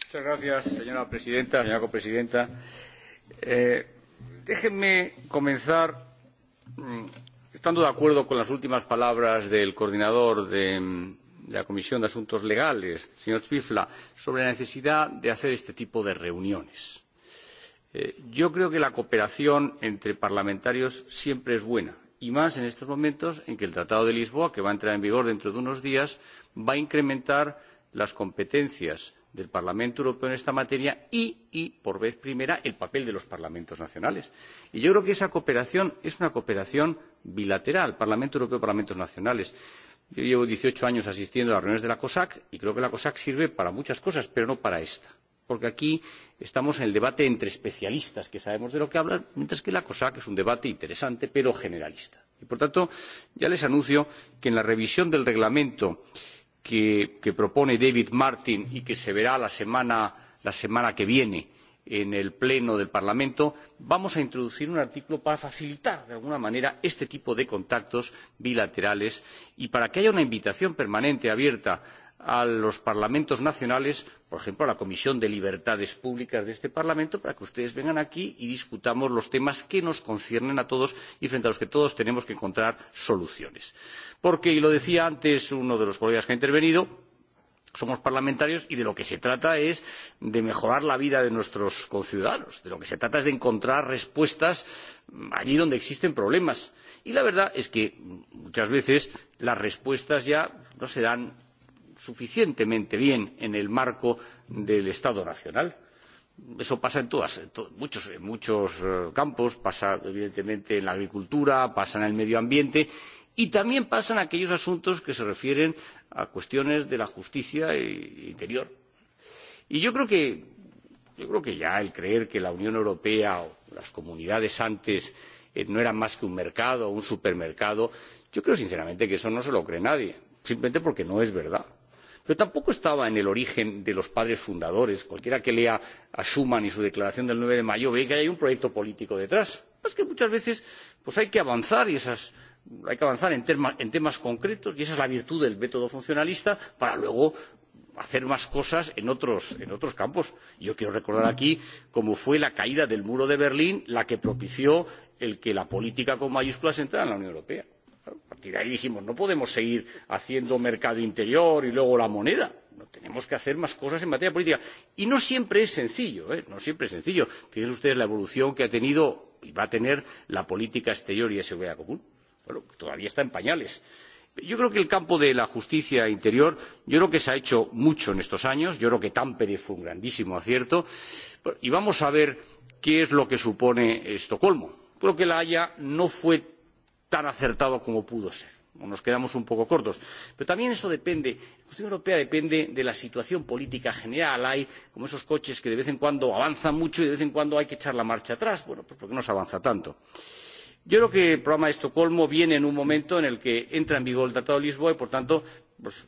Muchas gracias, señora presidenta, señora copresidenta. Eh, déjenme comenzar mm, estando de acuerdo con las últimas palabras del coordinador de, de la Comisión de Asuntos Legales, señor Zwifla, sobre la necesidad de hacer este tipo de reuniones Eh, yo creo que la cooperación entre parlamentarios siempre es buena y más en estos momentos en que el Tratado de Lisboa, que va a entrar en vigor dentro de unos días, va a incrementar las competencias del Parlamento Europeo en esta materia y, y, por vez primera, el papel de los parlamentos nacionales. Y yo creo que esa cooperación es una cooperación bilateral, Parlamento Europeo, Parlamentos Nacionales. Yo llevo dieciocho años asistiendo a las reuniones de la COSAC y creo que la COSAC sirve para muchas cosas, pero no para esta porque aquí estamos en el debate entre especialistas que sabemos de lo que hablan, mientras que la COSAC es un debate interesante pero generalista. Y por tanto, ya les anuncio que en la revisión del reglamento que, que propone David Martin y que se verá la semana, la semana que viene en el Pleno del Parlamento, vamos a introducir un artículo para facilitar, de alguna manera, este tipo de contactos bilaterales y para que haya una invitación permanente abierta a los parlamentos nacionales, por ejemplo, a la Comisión de Libertades Públicas de este Parlamento, para que ustedes vengan aquí y discutamos los temas que nos conciernen a todos y frente a los que todos tenemos que encontrar soluciones. Porque, y lo decía antes uno de los colegas que ha intervenido, somos parlamentarios y de lo que se trata es de mejorar la vida de nuestros conciudadanos. De lo que se trata es de encontrar respuestas allí donde existen problemas. Y la verdad es que muchas veces las respuestas ya no se dan suficientemente bien en el marco del Estado Nacional. Eso pasa en, todas, en, to muchos, en muchos eh, campos, pasa evidentemente en la agricultura, pasa en el medio ambiente y también pasa en aquellos asuntos que se refieren a cuestiones de la justicia e interior. Y yo creo que, yo creo que ya el creer que la Unión Europea o las comunidades antes eh, no eran más que un mercado o un supermercado, yo creo sinceramente que eso no se lo cree nadie, simplemente porque no es verdad pero tampoco estaba en el origen de los padres fundadores. Cualquiera que lea a Schuman y su declaración del nueve de mayo ve que hay un proyecto político detrás. Es que muchas veces pues hay que avanzar y esas, hay que avanzar en, en temas concretos y esa es la virtud del método funcionalista para luego hacer más cosas en otros, en otros campos. Yo quiero recordar aquí cómo fue la caída del muro de Berlín la que propició el que la política con mayúsculas entrara en la Unión Europea. A partir de ahí dijimos, no podemos seguir haciendo mercado interior y luego la moneda. No, tenemos que hacer más cosas en materia política. Y no siempre es sencillo, ¿eh? no siempre es sencillo. Fíjense ustedes la evolución que ha tenido y va a tener la política exterior y de seguridad común. Bueno, todavía está en pañales. Yo creo que el campo de la justicia interior, yo creo que se ha hecho mucho en estos años. Yo creo que Tampere fue un grandísimo acierto. Y vamos a ver qué es lo que supone Estocolmo. Creo que la Haya no fue tan acertado como pudo ser. o Nos quedamos un poco cortos. Pero también eso depende, la cuestión europea depende de la situación política general. Hay como esos coches que de vez en cuando avanzan mucho y de vez en cuando hay que echar la marcha atrás. Bueno, pues porque no se avanza tanto. Yo creo que el programa de Estocolmo viene en un momento en el que entra en vigor el Tratado de Lisboa y, por tanto, pues,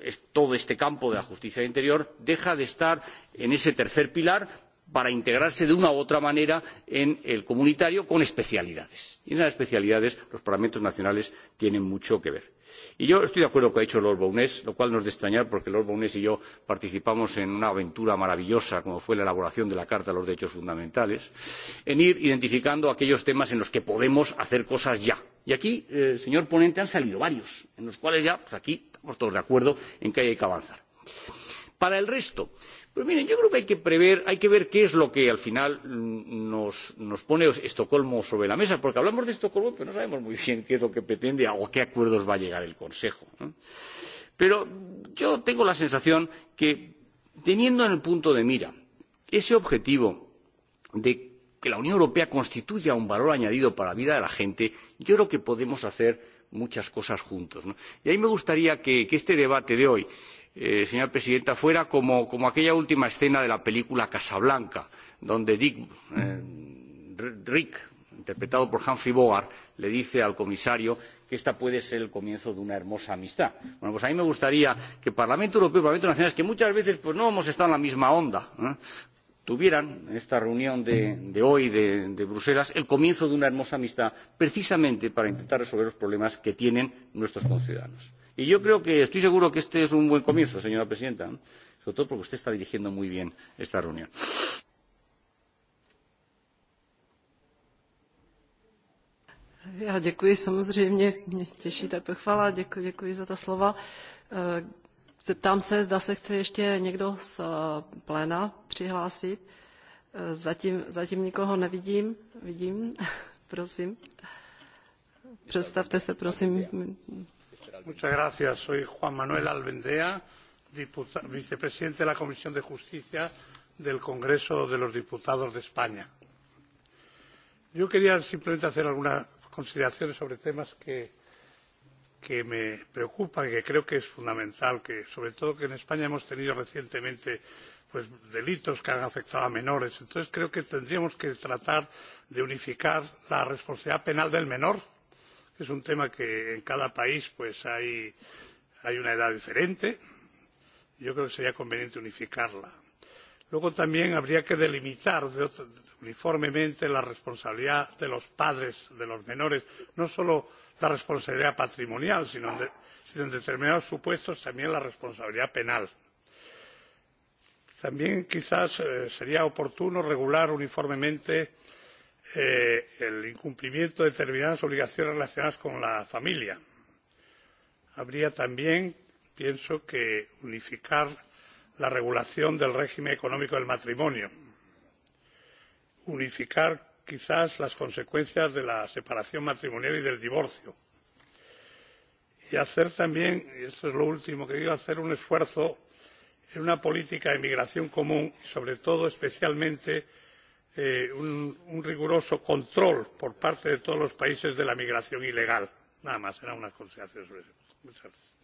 es todo este campo de la justicia del interior deja de estar en ese tercer pilar para integrarse de una u otra manera en el comunitario con especialidades. Y en esas especialidades los parlamentos nacionales tienen mucho que ver. Y yo estoy de acuerdo con lo que ha dicho Lord Bounés, lo cual no es de extrañar porque Lord Bounés y yo participamos en una aventura maravillosa como fue la elaboración de la Carta de los Derechos Fundamentales, en ir identificando aquellos temas en los que podemos hacer cosas ya. Y aquí, eh, señor ponente, han salido varios, en los cuales ya, pues aquí estamos todos de acuerdo en que hay que avanzar para el resto. Pero miren, yo creo que hay que prever, hay que ver qué es lo que al final nos, nos pone Estocolmo sobre la mesa, porque hablamos de Estocolmo, pero no sabemos muy bien qué es lo que pretende o a qué acuerdos va a llegar el Consejo. ¿no? Pero yo tengo la sensación que, teniendo en el punto de mira ese objetivo de que la Unión Europea constituya un valor añadido para la vida de la gente, yo creo que podemos hacer muchas cosas juntos. ¿no? Y ahí me gustaría que, que este debate de hoy eh, señora presidenta, fuera como, como, aquella última escena de la película Casablanca, donde Dick, eh, Rick, interpretado por Humphrey Bogart, le dice al comisario que esta puede ser el comienzo de una hermosa amistad. Bueno, pues a mí me gustaría que el Parlamento Europeo y el Parlamento Nacional, que muchas veces pues, no hemos estado en la misma onda, ¿eh? tuvieran en esta reunión de, de hoy de, de, Bruselas el comienzo de una hermosa amistad, precisamente para intentar resolver los problemas que tienen nuestros conciudadanos. Y yo creo que estoy seguro que este es un buen comienzo, señora presidenta, ¿no? sobre todo porque usted está dirigiendo muy bien esta reunión. Já děkuji samozřejmě, mě těší ta pochvala, děkuji, děkuji za ta slova. Eh, zeptám se, zda se chce ještě někdo z eh, pléna přihlásit. Eh, zatím, zatím nikoho nevidím, vidím, prosím. Představte se, prosím. Muchas gracias. Soy Juan Manuel Alvendea, vicepresidente de la Comisión de Justicia del Congreso de los Diputados de España. Yo quería simplemente hacer algunas consideraciones sobre temas que, que me preocupan, y que creo que es fundamental, que sobre todo que en España hemos tenido recientemente pues, delitos que han afectado a menores. Entonces creo que tendríamos que tratar de unificar la responsabilidad penal del menor es un tema que en cada país pues hay, hay una edad diferente. Yo creo que sería conveniente unificarla. Luego también habría que delimitar de otro, uniformemente la responsabilidad de los padres de los menores, no solo la responsabilidad patrimonial, sino en, de, sino en determinados supuestos también la responsabilidad penal. También quizás eh, sería oportuno regular uniformemente eh, eh, el incumplimiento de determinadas obligaciones relacionadas con la familia. Habría también, pienso, que unificar la regulación del régimen económico del matrimonio, unificar quizás las consecuencias de la separación matrimonial y del divorcio y hacer también, y esto es lo último que digo, hacer un esfuerzo en una política de migración común y sobre todo especialmente eh, un, un riguroso control por parte de todos los países de la migración ilegal. Nada más, era una consideración sobre eso. Muchas gracias.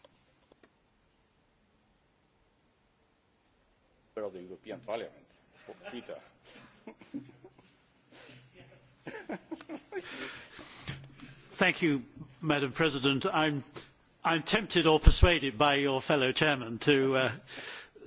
Pero the European Parliament, Peter. Thank you, Madam President. I'm, I'm tempted or persuaded by your fellow chairman to uh,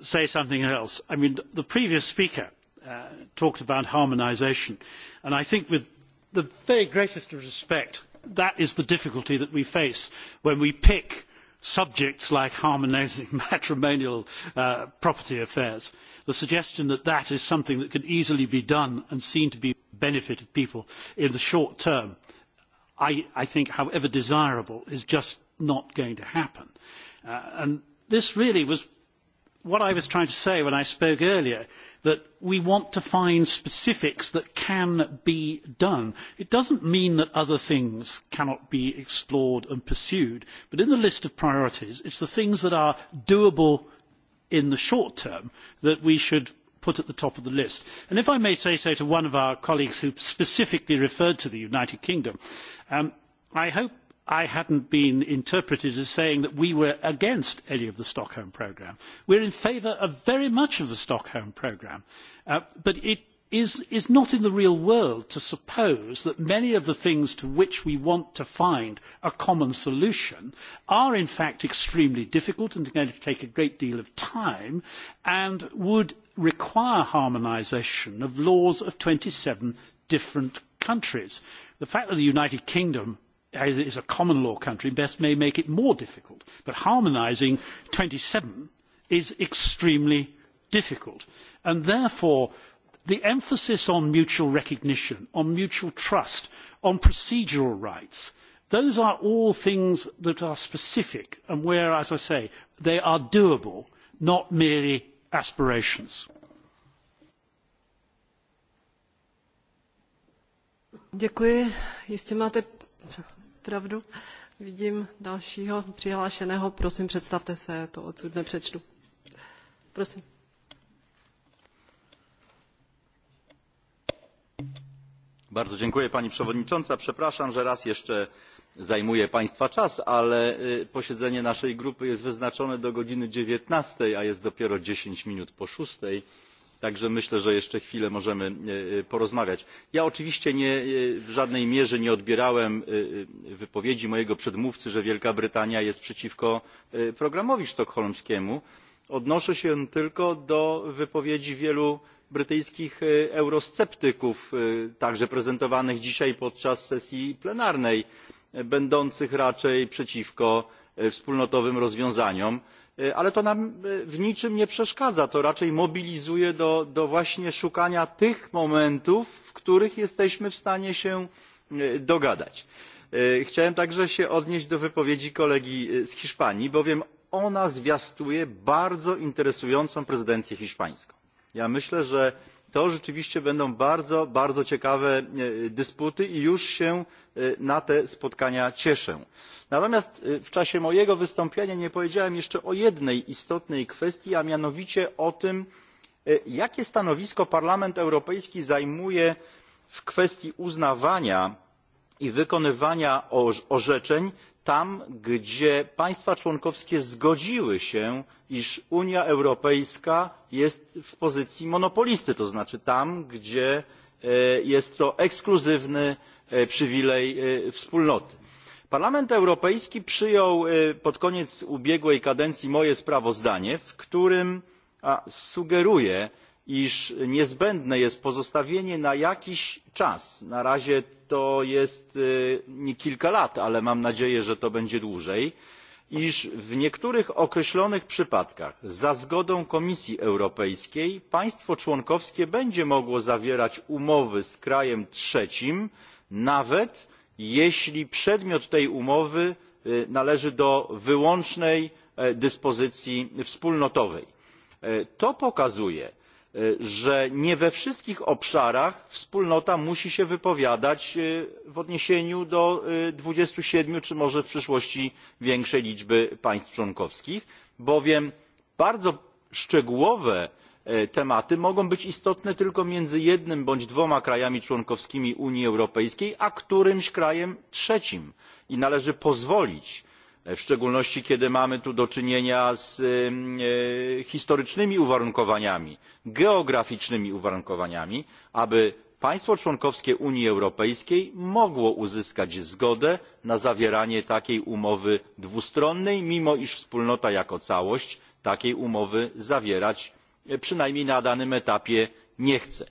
say something else. I mean, the previous speaker uh, talked about harmonisation. And I think with the very greatest respect, that is the difficulty that we face when we pick subjects like harmonising matrimonial uh, property affairs. The suggestion that that is something that can easily be done and seen to be benefit of people in the short term, I, I think, however desirable, is just not going to happen. Uh, and this really was what I was trying to say when I spoke earlier that we want to find specifics that can be done. It does not mean that other things cannot be explored and pursued, but in the list of priorities, it is the things that are doable in the short term that we should put at the top of the list. And if I may say so to one of our colleagues who specifically referred to the United Kingdom, um, I hope I hadn't been interpreted as saying that we were against any of the Stockholm programme. We are in favour of very much of the Stockholm programme, uh, but it is, is not in the real world to suppose that many of the things to which we want to find a common solution are in fact extremely difficult and going to take a great deal of time and would require harmonisation of laws of twenty seven different countries. The fact that the United Kingdom is a common law country best may make it more difficult. But harmonising twenty seven is extremely difficult. And therefore, the emphasis on mutual recognition, on mutual trust, on procedural rights, those are all things that are specific and where, as I say, they are doable, not merely aspirations. Děkuji. Jistě máte pravdu. Vidím dalšího přihlášeného. Prosím, představte se, to odsud nepřečtu. Prosím. Bardzo dziękuję Pani Przewodnicząca. Przepraszam, że raz jeszcze zajmuję Państwa czas, ale posiedzenie naszej grupy jest wyznaczone do godziny 19, a jest dopiero 10 minut po 6. Także myślę, że jeszcze chwilę możemy e, e, porozmawiać. Ja oczywiście e, w żadnej mierze nie odbierałem wypowiedzi mojego przedmówcy, że Wielka Brytania jest przeciwko programowi sztokholmskiemu. Odnoszę się tylko do wypowiedzi wielu brytyjskich eurosceptyków, także prezentowanych dzisiaj podczas sesji plenarnej, będących raczej przeciwko wspólnotowym rozwiązaniom. E, ale to nam e, w niczym nie przeszkadza to raczej mobilizuje do, właśnie szukania tych momentów w których jesteśmy w stanie się e, dogadać. chciałem także się odnieść do wypowiedzi kolegi z hiszpanii bowiem ona zwiastuje bardzo interesującą prezydencję hiszpańską. ja myślę że to rzeczywiście będą bardzo, bardzo ciekawe e, dysputy i już się e, na te spotkania cieszę. Natomiast e, w czasie mojego wystąpienia nie powiedziałem jeszcze o jednej istotnej kwestii, a mianowicie o tym, jakie stanowisko Parlament Europejski zajmuje w kwestii uznawania i wykonywania orzeczeń tam gdzie państwa członkowskie zgodziły się iż unia europejska jest w pozycji monopolisty to znaczy tam gdzie e, jest to ekskluzywny e, przywilej e, wspólnoty. parlament europejski przyjął pod koniec ubiegłej kadencji moje sprawozdanie w którym sugeruje iż niezbędne jest pozostawienie na jakiś czas na razie to jest nie kilka lat, ale mam nadzieję, że to będzie dłużej, iż w niektórych określonych przypadkach za zgodą Komisji Europejskiej państwo członkowskie będzie mogło zawierać umowy z krajem trzecim, nawet jeśli przedmiot tej umowy należy do wyłącznej e, dyspozycji wspólnotowej. E, to pokazuje, że nie we wszystkich obszarach wspólnota musi się wypowiadać w odniesieniu do dwadzieścia siedem czy może w przyszłości większej liczby państw członkowskich bowiem bardzo szczegółowe tematy mogą być istotne tylko między jednym bądź dwoma krajami członkowskimi unii europejskiej a którymś krajem trzecim i należy pozwolić E, w szczególności kiedy mamy tu do czynienia z e, e, historycznymi uwarunkowaniami geograficznymi uwarunkowaniami aby państwo członkowskie unii europejskiej mogło uzyskać zgodę na zawieranie takiej umowy dwustronnej mimo iż wspólnota jako całość takiej umowy zawierać przynajmniej na danym etapie nie chce.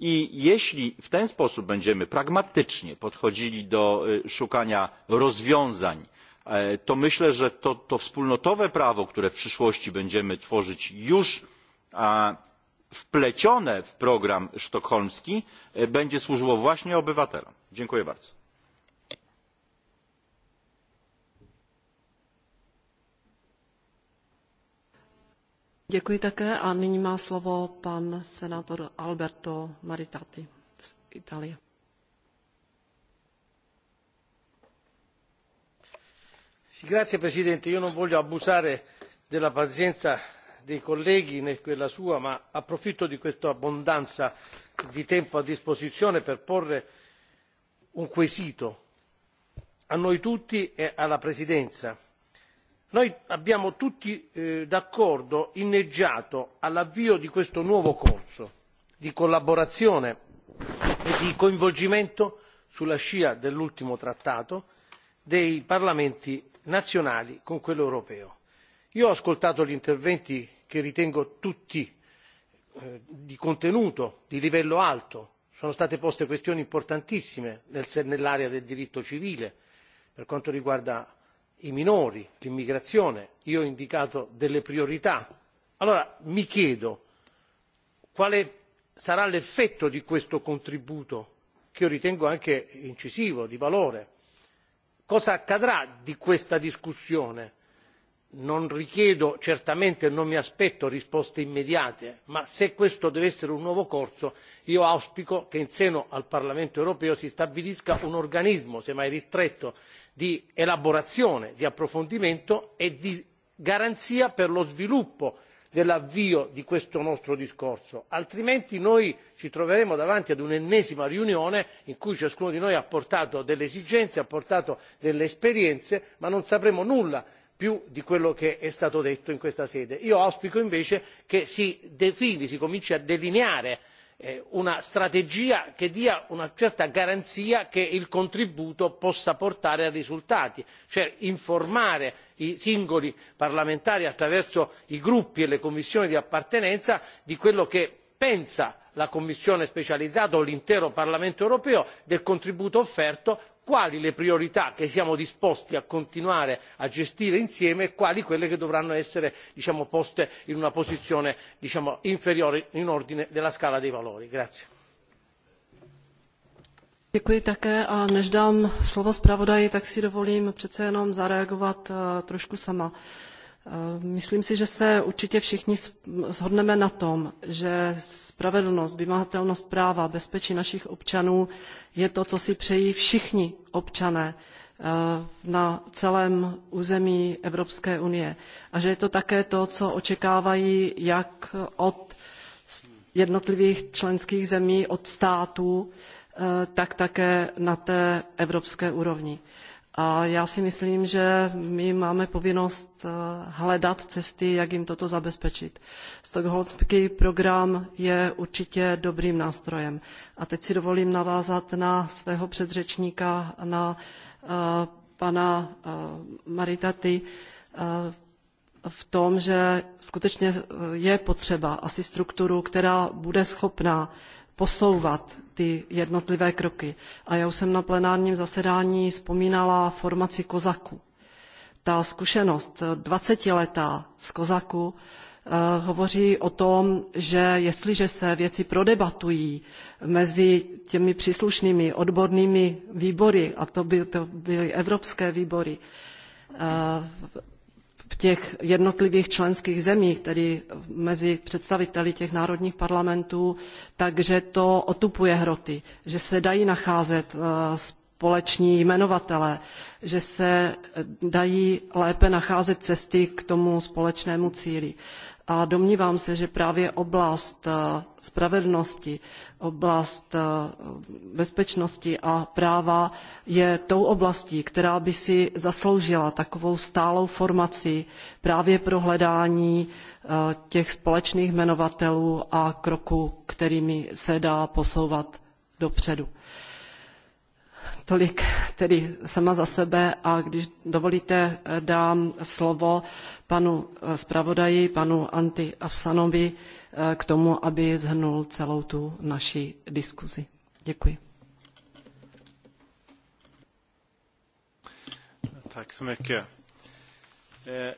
I jeśli w ten sposób będziemy pragmatycznie podchodzili do szukania rozwiązań E, to myślę, że to, to wspólnotowe prawo, które w przyszłości będziemy tworzyć już wplecione w program sztokholmski e, będzie służyło właśnie obywatelom. Dziękuję bardzo. Děkuji také a nyní má slovo pan senátor Alberto Maritati z Itálie. Grazie Presidente, io non voglio abusare della pazienza dei colleghi né quella sua, ma approfitto di questa abbondanza di tempo a disposizione per porre un quesito a noi tutti e alla Presidenza. Noi abbiamo tutti eh, d'accordo inneggiato all'avvio di questo nuovo corso di collaborazione e di coinvolgimento sulla scia dell'ultimo trattato dei parlamenti nazionali con quello europeo. io ho ascoltato gli interventi che ritengo tutti eh, di contenuto di livello alto sono state poste questioni importantissime nell'area del diritto civile per quanto riguarda i minori l'immigrazione io ho indicato delle priorità. allora mi chiedo quale sarà l'effetto di questo contributo che io ritengo anche incisivo di valore cosa accadrà di questa discussione? Non richiedo certamente non mi aspetto risposte immediate, ma se questo deve essere un nuovo corso, io auspico che in seno al Parlamento europeo si stabilisca un organismo, semmai ristretto, di elaborazione, di approfondimento e di garanzia per lo sviluppo dell'avvio di questo nostro discorso altrimenti noi ci troveremo davanti ad un'ennesima riunione in cui ciascuno di noi ha portato delle esigenze ha portato delle esperienze ma non sapremo nulla più di quello che è stato detto in questa sede. io auspico invece che si defini si cominci a delineare eh, una strategia che dia una certa garanzia che il contributo possa portare a risultati cioè informare i singoli parlamentari attraverso i gruppi e le commissioni di appartenenza di quello che pensa la commissione specializzata o l'intero parlamento europeo del contributo offerto quali le priorità che siamo disposti a continuare a gestire insieme e quali quelle che dovranno essere diciamo poste in una posizione diciamo inferiore in ordine della scala dei valori. Děkuji také a než dám slovo zpravodaji, tak si dovolím přece jenom zareagovat eh, trošku sama. Eh, myslím si, že se určitě všichni shodneme na tom, že spravedlnost, vymahatelnost práva, bezpečí našich občanů je to, co si přejí všichni občané eh, na celém území Evropské unie. A že je to také to, co očekávají jak od jednotlivých členských zemí, od států, Eh, tak také na té evropské úrovni. A já si myslím, že my máme povinnost eh, hledat cesty, jak jim toto zabezpečit. Stockholmský program je určitě dobrým nástrojem. A teď si dovolím navázat na svého předřečníka, na eh, pana Maritaty, v tom, že skutečně je potřeba asi strukturu, která bude schopná posouvat ty jednotlivé kroky. A já už jsem na plenárním zasedání vzpomínala formaci kozaku. Ta zkušenost 20 letá z kozaku eh, hovoří o tom, že jestliže se věci prodebatují mezi těmi příslušnými odbornými výbory, a to, by, to byly evropské výbory, eh, těch jednotlivých členských zemích, tedy mezi představiteli těch národních parlamentů, takže to otupuje hroty, že se dají nacházet eh, společní jmenovatele, že se dají lépe nacházet cesty k tomu společnému cíli. A domnívám se, že právě oblast eh, spravedlnosti, oblast eh, bezpečnosti a práva je tou oblastí, která by si zasloužila takovou stálou formaci právě pro hledání eh, těch společných jmenovatelů a kroků, kterými se dá posouvat dopředu. Tolik tedy sama za sebe a když dovolíte, eh, dám slovo panu eh, zpravodaji, panu Anti Avsanovi eh, k tomu, aby zhrnul celou tu naši diskuzi. Děkuji. så mycket.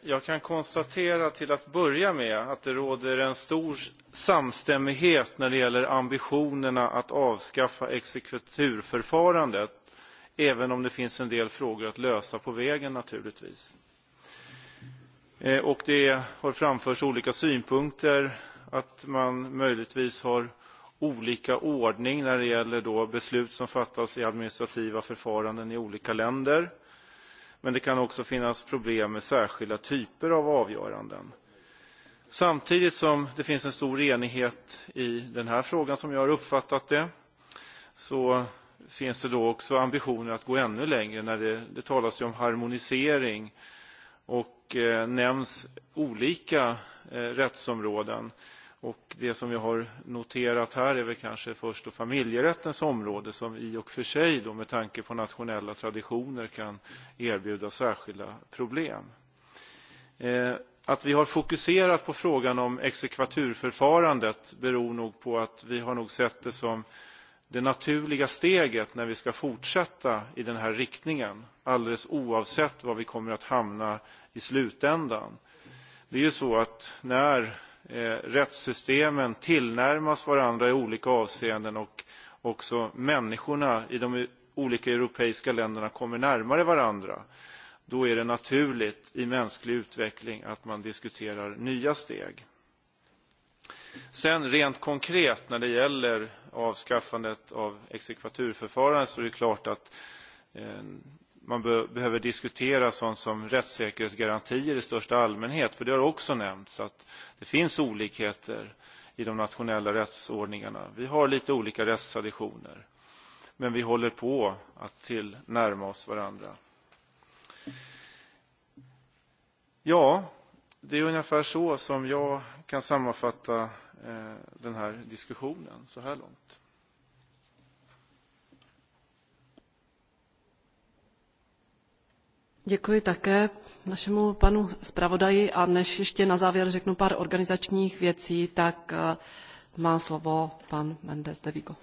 Jag kan konstatera till att börja med att det råder en stor samstämmighet när det gäller ambitionerna att avskaffa exekuturförfarandet även om det finns en del frågor att lösa på vägen naturligtvis. Eh, och det har framförts olika synpunkter att man möjligtvis har olika ordning när det gäller då beslut som fattas i administrativa förfaranden i olika länder. Men det kan också finnas problem med särskilda typer av avgöranden. Samtidigt som det finns en stor enighet i den här frågan som jag har uppfattat det så finns det då också ambitioner att gå ännu längre när det, det talas ju om harmonisering och eh, nämns olika eh, rättsområden. Och det som vi har noterat här är väl kanske först och familjerättens område som i och för sig då med tanke på nationella traditioner kan erbjuda särskilda problem. Eh, att vi har fokuserat på frågan om exekvaturförfarandet beror nog på att vi har nog sett det som eh, det naturliga steget när vi ska fortsätta i den här riktningen, alldeles oavsett var vi kommer att hamna i slutändan. Det är ju så att när eh, rättssystemen tillnärmas varandra i olika avseenden och också människorna i de olika europeiska länderna kommer närmare varandra, då är det naturligt i mänsklig utveckling att man diskuterar nya steg. Sen rent konkret när det gäller avskaffandet av exekvaturförfarandet så är det klart att eh, man be behöver diskutera sånt som rättssäkerhetsgarantier i största allmänhet, för det har också nämnts att det finns olikheter i de nationella rättsordningarna. Vi har lite olika rättstraditioner, men vi håller på att till närma oss varandra. Ja, det är ungefär så som jag kan sammanfatta Eh, den här diskussionen så här långt. Děkuji také našemu panu zpravodaji a než ještě na závěr řeknu pár organizačních věcí, tak eh, má slovo pan Mendes de Vigo.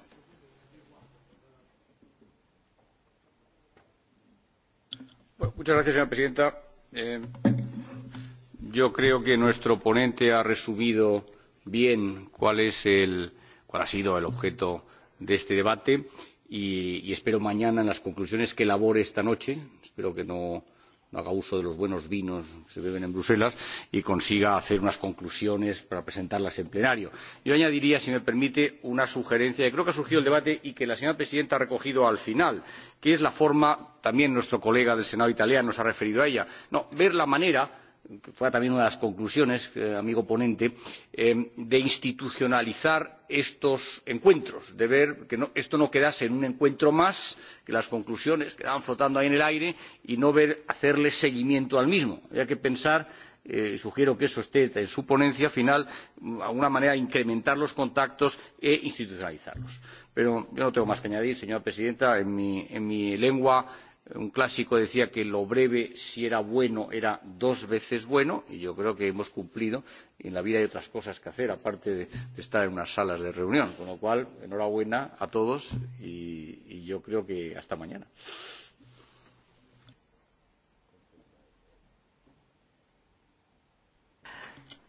Muchas gracias, señora presidenta. Eh, yo creo que nuestro ponente ha resumido bien cuál, es el, cuál ha sido el objeto de este debate y, y espero mañana en las conclusiones que elabore esta noche, espero que no, no haga uso de los buenos vinos que se beben en Bruselas y consiga hacer unas conclusiones para presentarlas en plenario. Yo añadiría, si me permite, una sugerencia que creo que ha surgido el debate y que la señora presidenta ha recogido al final, que es la forma, también nuestro colega del Senado italiano se ha referido a ella, no, ver la manera fuera también una de las conclusiones, eh, amigo ponente, eh, de institucionalizar estos encuentros, de ver que no, esto no quedase en un encuentro más, que las conclusiones quedaban flotando ahí en el aire y no ver, hacerle seguimiento al mismo. Había que pensar eh, sugiero que eso esté en su ponencia final, de alguna manera incrementar los contactos e institucionalizarlos. Pero yo no tengo más que añadir, señora presidenta, en mi, en mi lengua un clásico decía que lo breve, si era bueno, era dos veces bueno, y yo creo que hemos cumplido. y En la vida hay otras cosas que hacer, aparte de, de estar en unas salas de reunión. Con lo cual, enhorabuena a todos y, y yo creo que hasta mañana.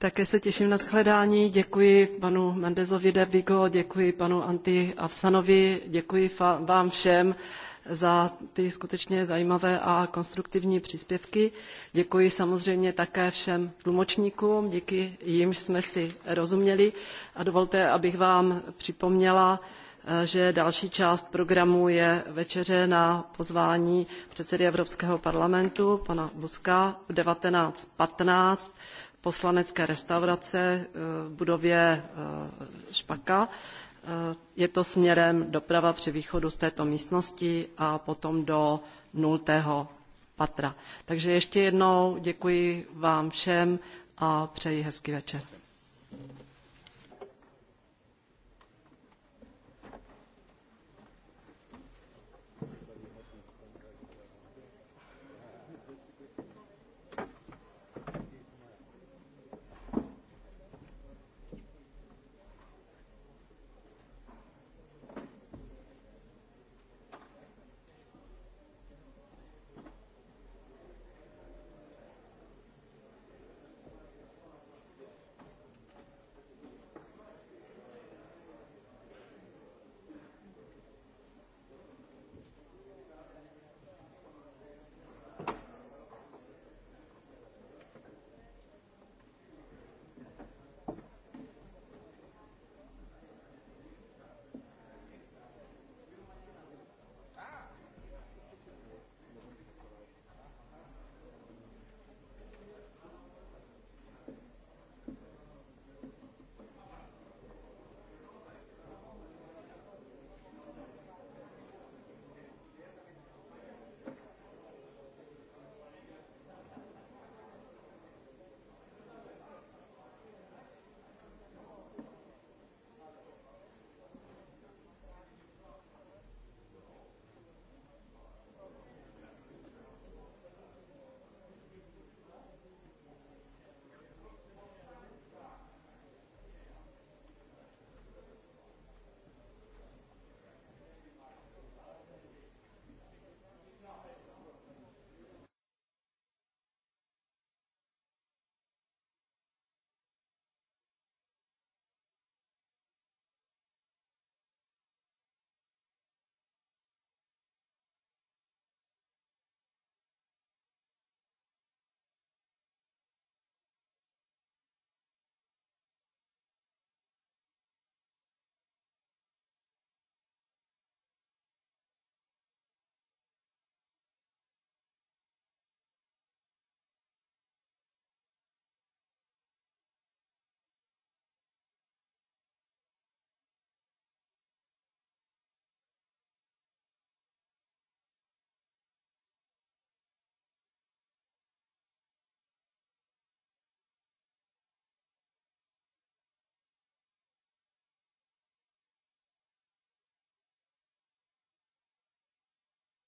Také se těším na shledání. Děkuji panu Mendezovi de Vigo, děkuji panu Anti Avsanovi, děkuji vám všem za ty skutečně zajímavé a konstruktivní příspěvky. Děkuji samozřejmě také všem tlumočníkům, díky jimž jsme si rozuměli. A dovolte, abych vám připomněla, eh, že další část programu je večeře na pozvání předsedy Evropského parlamentu, pana Buska, v 19.15 poslanecké restaurace eh, v budově eh, Špaka. Eh, je to směrem doprava při východu z této místnosti a potom do nultého patra. Takže ještě jednou děkuji vám všem a přeji hezký večer.